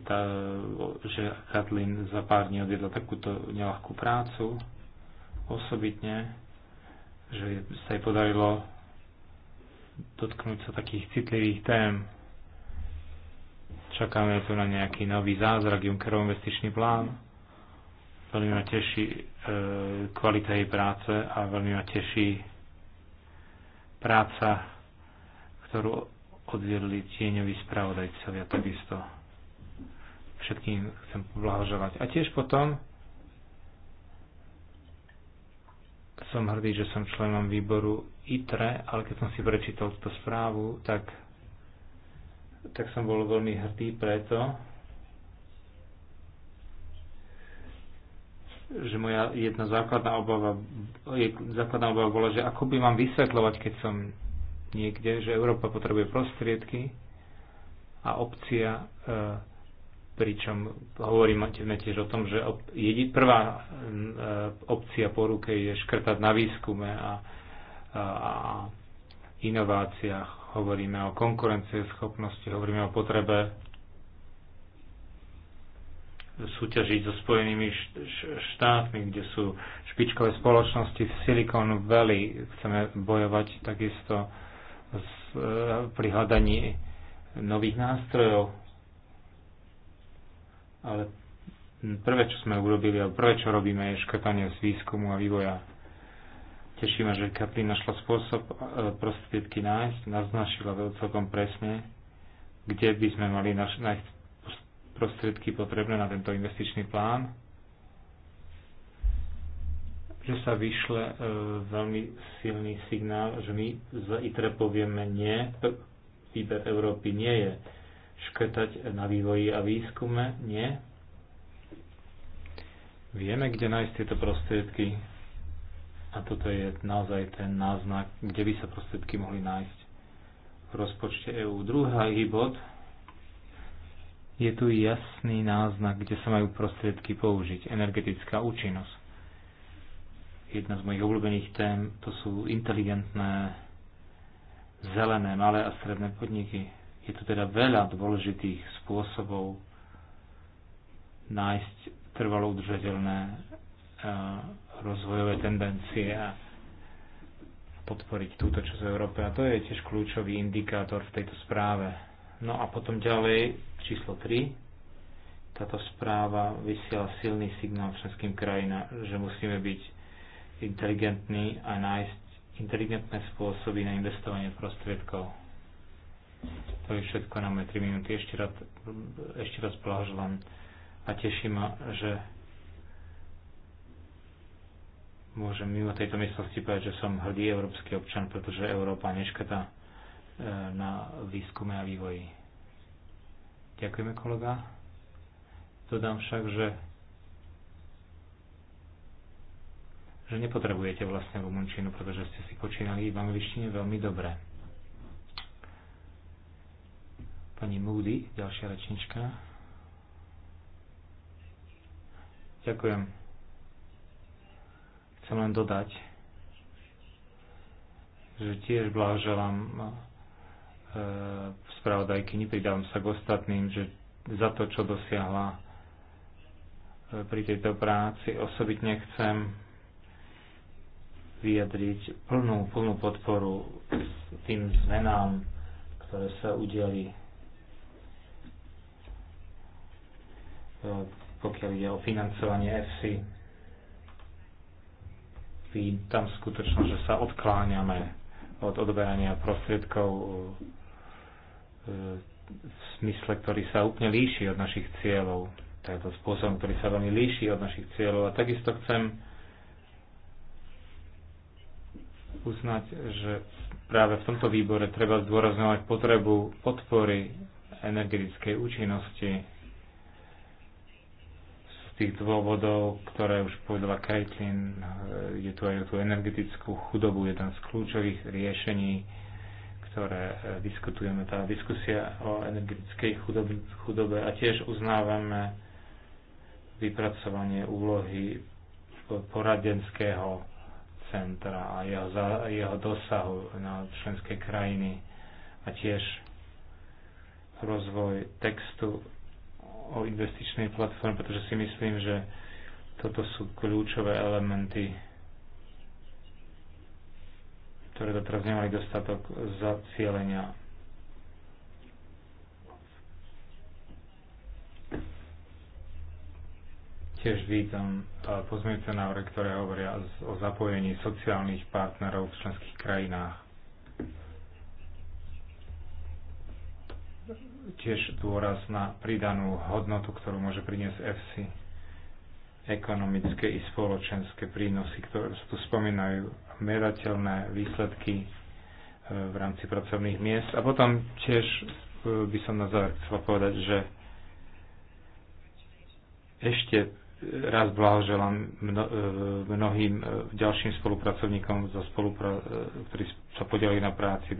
tá, že Katlin za pár dní odjedla takúto nelahkú prácu. Osobitne, že sa jej podarilo dotknúť sa takých citlivých tém. Čakáme tu na nejaký nový zázrak, Junckerov investičný plán. Veľmi ma teší e, kvalita jej práce a veľmi ma teší práca ktorú odviedli tieňoví spravodajcovia takisto. Všetkým chcem poblahožovať. A tiež potom som hrdý, že som členom výboru ITRE, ale keď som si prečítal túto správu, tak, tak som bol veľmi hrdý preto, že moja jedna základná obava, základná obava bola, že ako by mám vysvetľovať, keď som niekde, že Európa potrebuje prostriedky a opcia, e, pričom hovoríme tiež o tom, že op, jedi, prvá e, opcia po ruke je škrtať na výskume a, a, a inováciách. Hovoríme o konkurencieschopnosti, hovoríme o potrebe súťažiť so Spojenými štátmi, kde sú špičkové spoločnosti v Silicon Valley. Chceme bojovať takisto Eh, pri hľadaní nových nástrojov. Ale prvé, čo sme urobili, ale prvé, čo robíme, je škrtanie z výskumu a vývoja. Teší ma, že Katrin našla spôsob eh, prostriedky nájsť, naznačila celkom presne, kde by sme mali nájsť prostriedky potrebné na tento investičný plán že sa vyšle e, veľmi silný signál, že my za ITRE povieme nie, výber Európy nie je škrtať na vývoji a výskume, nie. Vieme, kde nájsť tieto prostriedky a toto je naozaj ten náznak, kde by sa prostriedky mohli nájsť v rozpočte EÚ. Druhý bod je tu jasný náznak, kde sa majú prostriedky použiť. Energetická účinnosť. Jedna z mojich obľúbených tém to sú inteligentné, zelené, malé a stredné podniky. Je tu teda veľa dôležitých spôsobov nájsť trvalo udržateľné e, rozvojové tendencie a podporiť túto časť Európe. A to je tiež kľúčový indikátor v tejto správe. No a potom ďalej číslo 3. Táto správa vysiela silný signál všetkým krajinám, že musíme byť inteligentní a nájsť inteligentné spôsoby na investovanie prostriedkov. To je všetko na moje 3 minúty. Ešte raz, ešte raz blahoželám a teším, ma, že môžem mimo tejto miestnosti povedať, že som hrdý európsky občan, pretože Európa neškata e, na výskume a vývoji. Ďakujeme, kolega. Dodám však, že že nepotrebujete vlastne rumunčinu, pretože ste si počínali v angličtine veľmi dobre. Pani Moody, ďalšia rečnička. Ďakujem. Chcem len dodať, že tiež blahoželám e, spravodajky, nepridávam sa k ostatným, že za to, čo dosiahla e, pri tejto práci. Osobitne chcem vyjadriť plnú, plnú podporu tým zmenám, ktoré sa udiali e, pokiaľ ide o financovanie EFSI. Vítam skutočnosť, že sa odkláňame od odberania prostriedkov e, v smysle, ktorý sa úplne líši od našich cieľov. To spôsobom, spôsob, ktorý sa veľmi líši od našich cieľov. A takisto chcem uznať, že práve v tomto výbore treba zdôrazňovať potrebu podpory energetickej účinnosti z tých dôvodov, ktoré už povedala Caitlin, je tu aj o tú energetickú chudobu, jeden z kľúčových riešení, ktoré eh, diskutujeme, tá diskusia o energetickej chudobe a tiež uznávame vypracovanie úlohy poradenského centra a jeho, za, jeho dosahu na členské krajiny a tiež rozvoj textu o investičnej platforme, pretože si myslím, že toto sú kľúčové elementy, ktoré doteraz nemali dostatok zacielenia Tiež vítam e, pozmeňujúce návrhy, ktoré hovoria o zapojení sociálnych partnerov v členských krajinách. Tiež dôraz na pridanú hodnotu, ktorú môže priniesť EFSI, ekonomické i spoločenské prínosy, ktoré sa tu spomínajú, merateľné výsledky e, v rámci pracovných miest. A potom tiež e, by som na záver chcela povedať, že ešte raz blahoželám mno, e, mnohým e, ďalším spolupracovníkom, za spolupra- e, ktorí sa podelili na práci.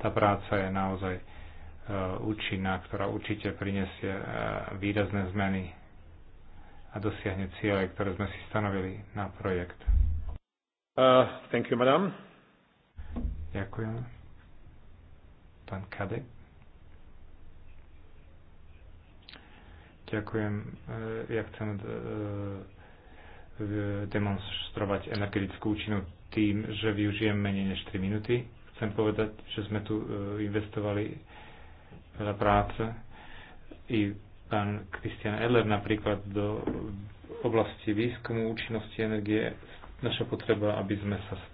Tá práca je naozaj účinná, ktorá určite prinesie výrazné zmeny a dosiahne cieľe, ktoré sme si stanovili na projekt. Uh, thank you, madam. Ďakujem. Pán Kadek. Ďakujem. E, ja chcem e, demonstrovať energetickú účinu tým, že využijem menej než 3 minúty. Chcem povedať, že sme tu e, investovali veľa práce. I pán Christian Edler napríklad do oblasti výskumu účinnosti energie naša potreba, aby sme sa s,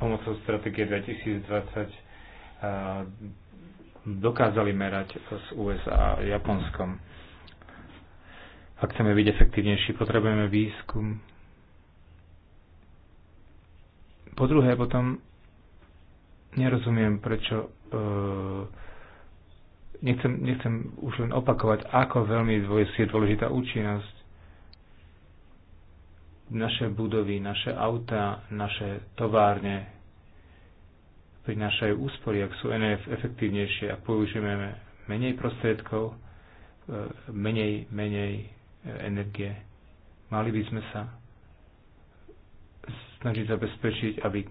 pomocou stratégie 2020 dokázali merať s USA a Japonskom. Ak chceme byť efektívnejší, potrebujeme výskum. Po druhé, potom nerozumiem, prečo e, nechcem, nechcem už len opakovať, ako veľmi je dôležitá účinnosť. Naše budovy, naše auta, naše továrne, prinášajú úspory, ak sú NF efektívnejšie a použijeme menej prostriedkov, e, menej, menej e, energie. Mali by sme sa snažiť zabezpečiť, aby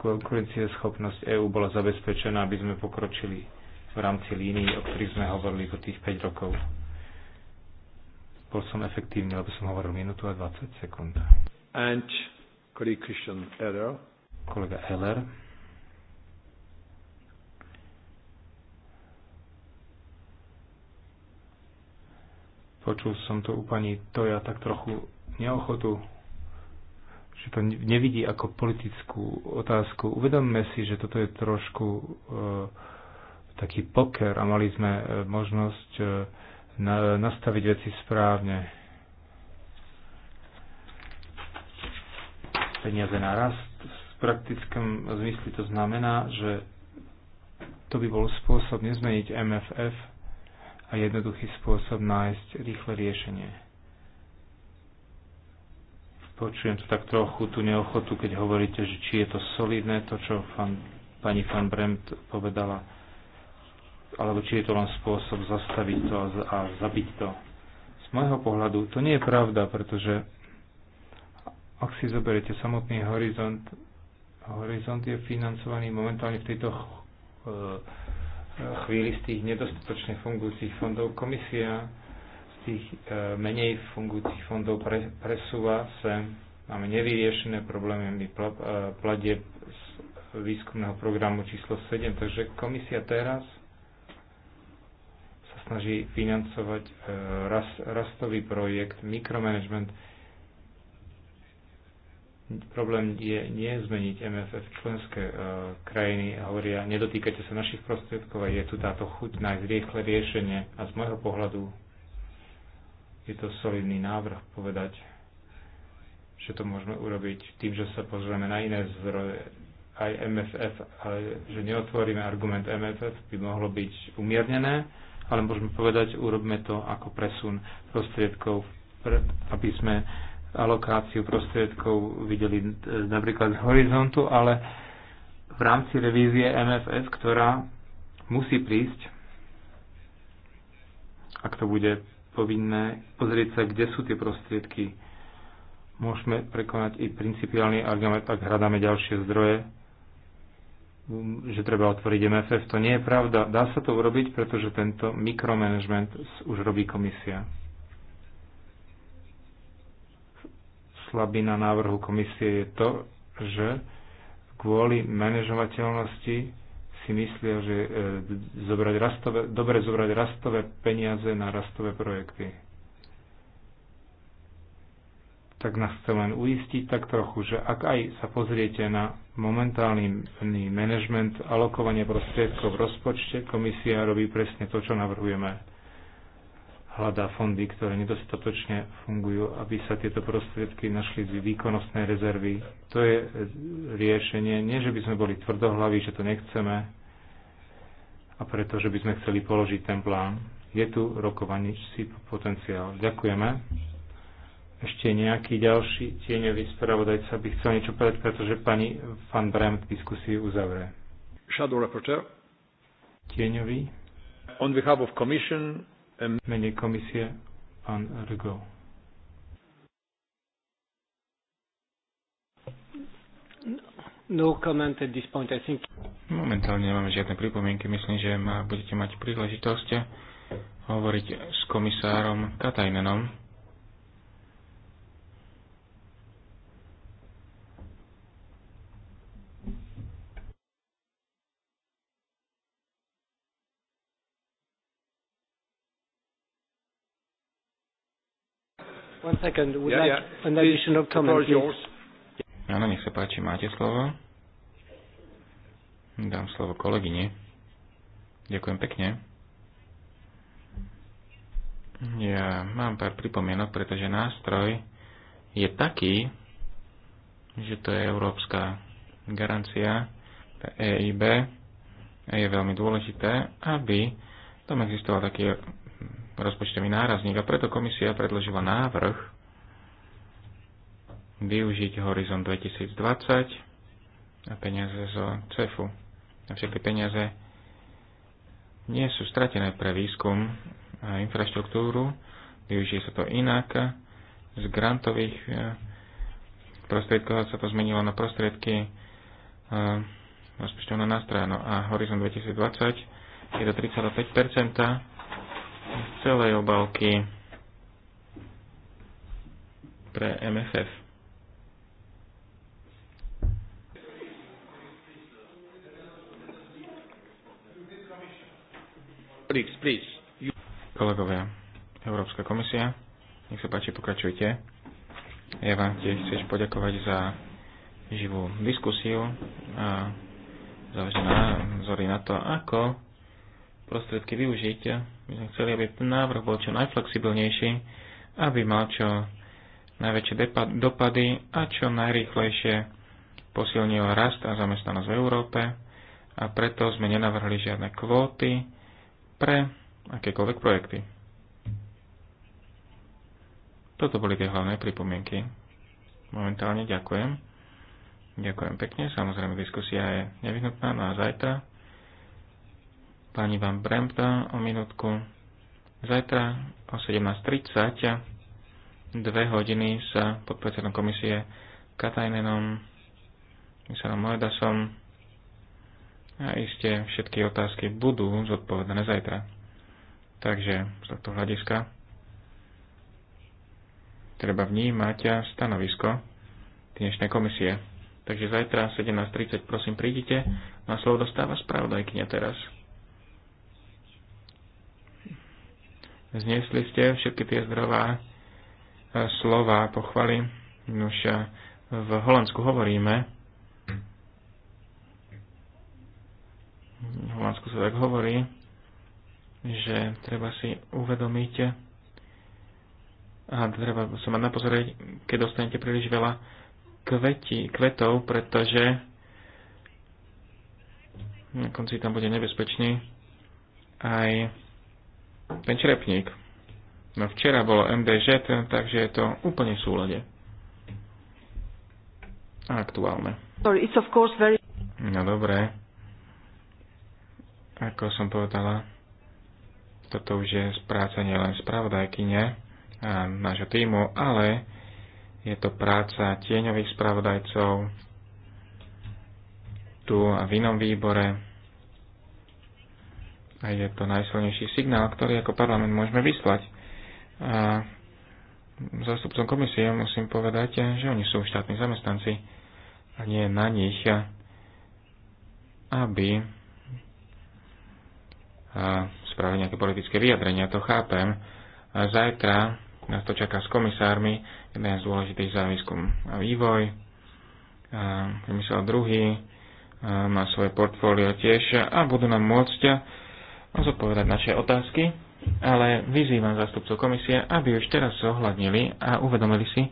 konkurencieschopnosť EÚ bola zabezpečená, aby sme pokročili v rámci línií, o ktorých sme hovorili po tých 5 rokov. Bol som efektívny, lebo som hovoril minútu a 20 sekúnd. And kolega Christian Eller. Kolega Eller. Počul som to u pani Toja tak trochu neochotu, že to nevidí ako politickú otázku. Uvedomme si, že toto je trošku e, taký poker a mali sme e, možnosť e, na, nastaviť veci správne. Peniaze na rast. V praktickom zmysli to znamená, že to by bol spôsob nezmeniť MFF a jednoduchý spôsob nájsť rýchle riešenie. Počujem to tak trochu, tú neochotu, keď hovoríte, že či je to solidné, to, čo fan, pani Fan Bremt povedala, alebo či je to len spôsob zastaviť to a, a zabiť to. Z môjho pohľadu to nie je pravda, pretože ak si zoberiete samotný horizont, horizont je financovaný momentálne v tejto eh, chvíli z tých nedostatočne fungujúcich fondov komisia z tých e, menej fungujúcich fondov pre, presúva sem. Máme nevyriešené problémy plade z výskumného programu číslo 7, takže komisia teraz sa snaží financovať e, rastový projekt, mikromanagement, Problém je nie zmeniť MFF. Členské e, krajiny hovoria, nedotýkajte sa našich prostriedkov a je tu táto chuť nájsť rýchle riešenie. A z môjho pohľadu je to solidný návrh povedať, že to môžeme urobiť tým, že sa pozrieme na iné zdroje, aj MFF, ale že neotvoríme argument MFF, by mohlo byť umiernené, ale môžeme povedať, urobme to ako presun prostriedkov, aby sme alokáciu prostriedkov videli e, napríklad z horizontu, ale v rámci revízie MFS, ktorá musí prísť, ak to bude povinné, pozrieť sa, kde sú tie prostriedky. Môžeme prekonať i principiálny argument, ak hľadáme ďalšie zdroje, že treba otvoriť MFF. To nie je pravda. Dá sa to urobiť, pretože tento mikromanagement už robí komisia. slabina návrhu komisie je to, že kvôli manažovateľnosti si myslia, že e, zobrať rastové, dobre zobrať rastové peniaze na rastové projekty. Tak nás chcem len uistiť tak trochu, že ak aj sa pozriete na momentálny management alokovanie prostriedkov v rozpočte, komisia robí presne to, čo navrhujeme hľadá fondy, ktoré nedostatočne fungujú, aby sa tieto prostriedky našli z výkonnostnej rezervy. To je riešenie. Nie, že by sme boli tvrdohlaví, že to nechceme a preto, že by sme chceli položiť ten plán. Je tu rokovaničný potenciál. Ďakujeme. Ešte nejaký ďalší tieňový spravodajca by chcel niečo povedať, pretože pani Van Bremt diskusiu uzavrie. Shadow Rapporteur. Tieňový. On behalf of Commission, Menej komisie, pán Rgo. No comment at this point, I think. Momentálne nemáme žiadne pripomienky. Myslím, že ma budete mať príležitosť hovoriť s komisárom Katajnenom One second. Would yeah, like yeah. an additional comment, please. Áno, nech sa páči, máte slovo. Dám slovo kolegyne. Ďakujem pekne. Ja mám pár pripomienok, pretože nástroj je taký, že to je európska garancia, EIB, e a je veľmi dôležité, aby tam existoval taký rozpočtový nárazník a preto komisia predložila návrh využiť Horizon 2020 a peniaze zo CEFu. A všetky peniaze nie sú stratené pre výskum a infraštruktúru, využije sa to inak. Z grantových eh, prostriedkov sa to zmenilo na prostriedky eh, rozpočtového nástroja. No a Horizon 2020 je do 3,5 celej obálky pre MFF. Please, please. Kolegovia, Európska komisia, nech sa páči, pokračujte. Ja vám tiež chcem poďakovať za živú diskusiu a založená názory na to, ako prostriedky využiť. My sme chceli, aby ten návrh bol čo najflexibilnejší, aby mal čo najväčšie dopady a čo najrýchlejšie posilnil rast a zamestnanosť v Európe a preto sme nenavrhli žiadne kvóty pre akékoľvek projekty. Toto boli tie hlavné pripomienky. Momentálne ďakujem. Ďakujem pekne. Samozrejme, diskusia je nevyhnutná. No a zajtra pani Van Brempt o minútku. Zajtra o 17.30 dve hodiny sa podpredsedom komisie Katajnenom, Misanom Moedasom a iste všetky otázky budú zodpovedané zajtra. Takže z tohto hľadiska treba vnímať stanovisko dnešnej komisie. Takže zajtra 17.30 prosím prídite. Na slovo dostáva spravodajkyňa teraz. Zniesli ste všetky tie zdravá e, slova pochvaly. Už e, v Holandsku hovoríme, v Holandsku sa tak hovorí, že treba si uvedomiť a treba sa mať na keď dostanete príliš veľa kvetí, kvetov, pretože na konci tam bude nebezpečný aj ten črepník. No včera bolo MDŽ, takže je to úplne v súlade. A aktuálne. No dobre. Ako som povedala, toto už je práca nielen spravodajkyne a nášho týmu, ale je to práca tieňových spravodajcov tu a v inom výbore a je to najsilnejší signál, ktorý ako parlament môžeme vyslať. A zástupcom komisie musím povedať, že oni sú štátni zamestnanci a nie na nich, aby spravili nejaké politické vyjadrenia, to chápem. A zajtra nás to čaká s komisármi, jeden z dôležitých záviskum a vývoj, vymyslel druhý, má svoje portfólio tiež a budú nám môcť zodpovedať naše otázky, ale vyzývam zástupcov komisie, aby už teraz ohľadnili a uvedomili si,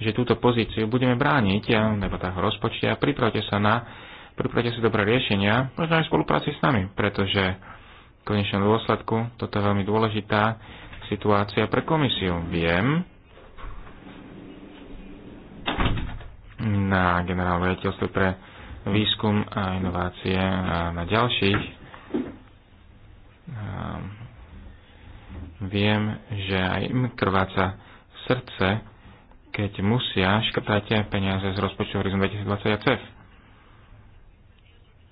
že túto pozíciu budeme brániť v debatách o rozpočte a pripravte sa na pripravte si dobré riešenia, možno aj v spolupráci s nami, pretože v konečnom dôsledku toto je veľmi dôležitá situácia pre komisiu. Viem, na generálne riaditeľstve pre výskum a inovácie a na ďalších Ehm, viem, že aj im krváca srdce, keď musia škrtať peniaze z rozpočtu Horizon 2020 a CEF.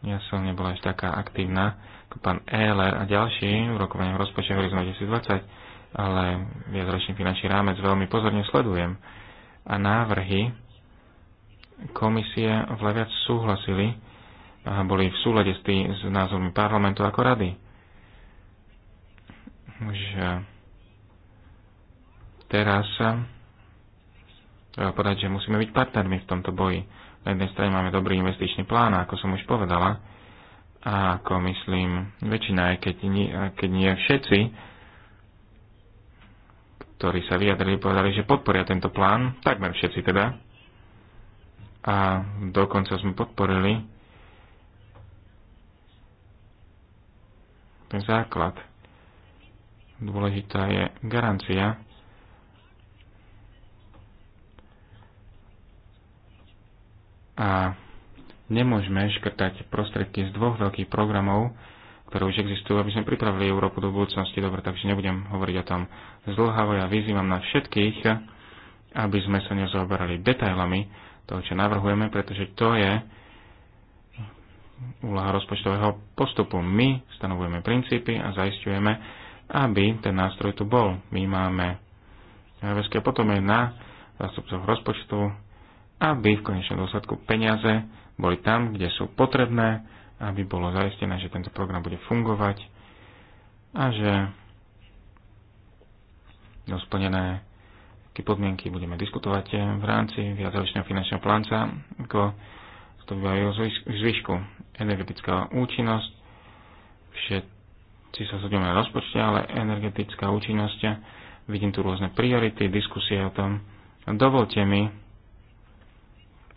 Ja som nebola až taká aktívna ako pán Ehler a ďalší v rokovaní v rozpočte Horizon 2020, ale viacročný finančný rámec veľmi pozorne sledujem a návrhy komisie v súhlasili a boli v súlade s, tý, s názormi parlamentu ako rady že teraz treba povedať, že musíme byť partnermi v tomto boji. Na jednej strane máme dobrý investičný plán, ako som už povedala, a ako myslím väčšina, aj keď nie, keď nie všetci, ktorí sa vyjadrili, povedali, že podporia tento plán, takmer všetci teda. A dokonca sme podporili ten základ Dôležitá je garancia, a nemôžeme škrtať prostriedky z dvoch veľkých programov, ktoré už existujú, aby sme pripravili Európu do budúcnosti. Dobre, takže nebudem hovoriť o tom zdlhavo. Ja vyzývam na všetkých, aby sme sa nezaoberali detailami toho, čo navrhujeme, pretože to je úloha rozpočtového postupu. My stanovujeme princípy a zaistujeme, aby ten nástroj tu bol. My máme záväzky a potom je na zástupcov rozpočtu, aby v konečnom dôsledku peniaze boli tam, kde sú potrebné, aby bolo zaistené, že tento program bude fungovať a že dosplnené podmienky budeme diskutovať v rámci viacročného finančného plánca, ako to bývajú zvyšku energetická účinnosť, všet, či sa zhodneme na rozpočte, ale energetická účinnosť. Vidím tu rôzne priority, diskusie o tom. Dovolte mi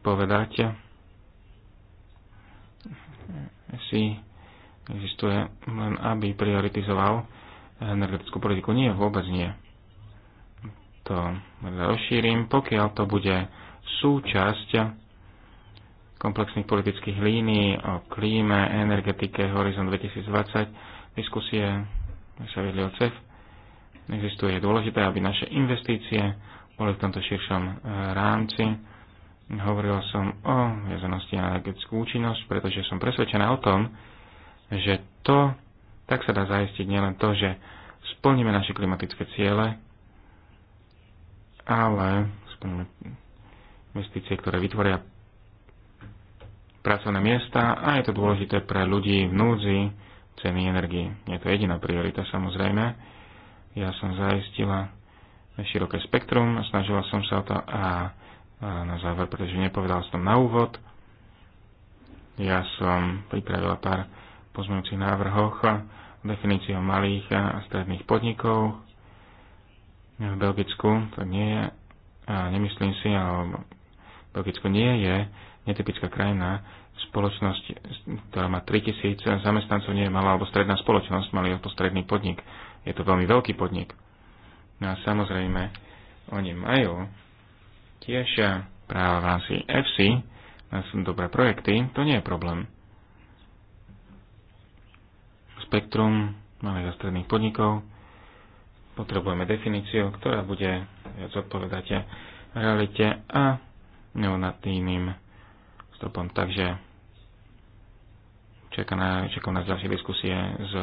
povedať si, existuje len aby prioritizoval energetickú politiku. Nie, vôbec nie. To rozšírim, pokiaľ to bude súčasť komplexných politických línií o klíme, energetike, Horizon 2020, diskusie sa vedli o CEF. Existuje je dôležité, aby naše investície boli v tomto širšom e, rámci. Hovoril som o viazanosti na energetickú účinnosť, pretože som presvedčená o tom, že to, tak sa dá zaistiť nielen to, že splníme naše klimatické ciele, ale splníme investície, ktoré vytvoria pracovné miesta a je to dôležité pre ľudí v núdzi, ceny energii. Nie je to jediná priorita, samozrejme. Ja som zaistila široké spektrum a snažila som sa o to a, a na záver, pretože nepovedal som na úvod, ja som pripravila pár pozmeňujúcich návrhoch definíciou malých a stredných podnikov v Belgicku. To nie je, a nemyslím si, ale Belgicko nie je netypická krajina spoločnosť, ktorá má 3000 zamestnancov, nie je malá alebo stredná spoločnosť, malý alebo stredný podnik. Je to veľmi veľký podnik. No a samozrejme, oni majú tiež práva v rámci FC, na sú dobré projekty, to nie je problém. Spektrum máme za stredných podnikov, potrebujeme definíciu, ktorá bude viac odpovedať realite a neonatívnym stopom. Takže Čaká na, čaká nás ďalšie diskusie s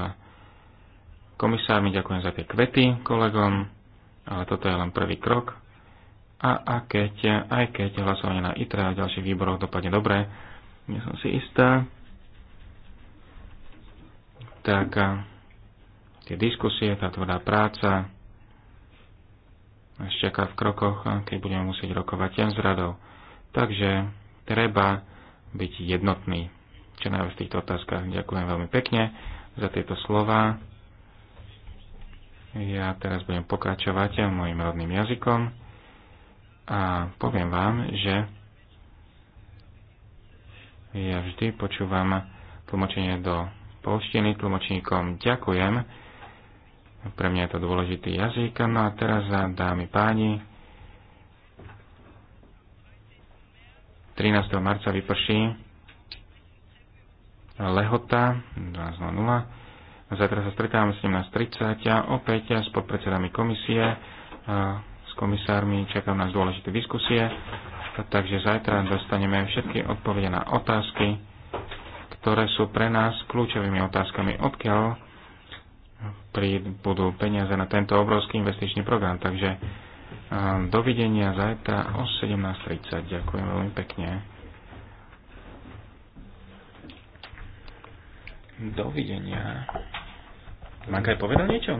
komisármi. Ďakujem za tie kvety kolegom, ale toto je len prvý krok. A, a keď, aj keď hlasovanie na itra a ďalších výboroch dopadne dobre, nie som si istá, tak tie diskusie, tá tvrdá práca nás čaká v krokoch, keď budeme musieť rokovať len s radou. Takže treba byť jednotný ešte v týchto otázkach. Ďakujem veľmi pekne za tieto slova. Ja teraz budem pokračovať mojim rodným jazykom a poviem vám, že ja vždy počúvam tlmočenie do polštiny. Tlmočníkom ďakujem. Pre mňa je to dôležitý jazyk. No a teraz za dámy páni. 13. marca vyprší lehota 2.0. Zajtra sa stretávame 17.30 a opäť s podpredsedami komisie, s komisármi čakajú nás dôležité diskusie, takže zajtra dostaneme všetky odpovede na otázky, ktoré sú pre nás kľúčovými otázkami, odkiaľ budú peniaze na tento obrovský investičný program. Takže dovidenia zajtra o 17.30. Ďakujem veľmi pekne. Dovidenia. Manka aj povedal niečo?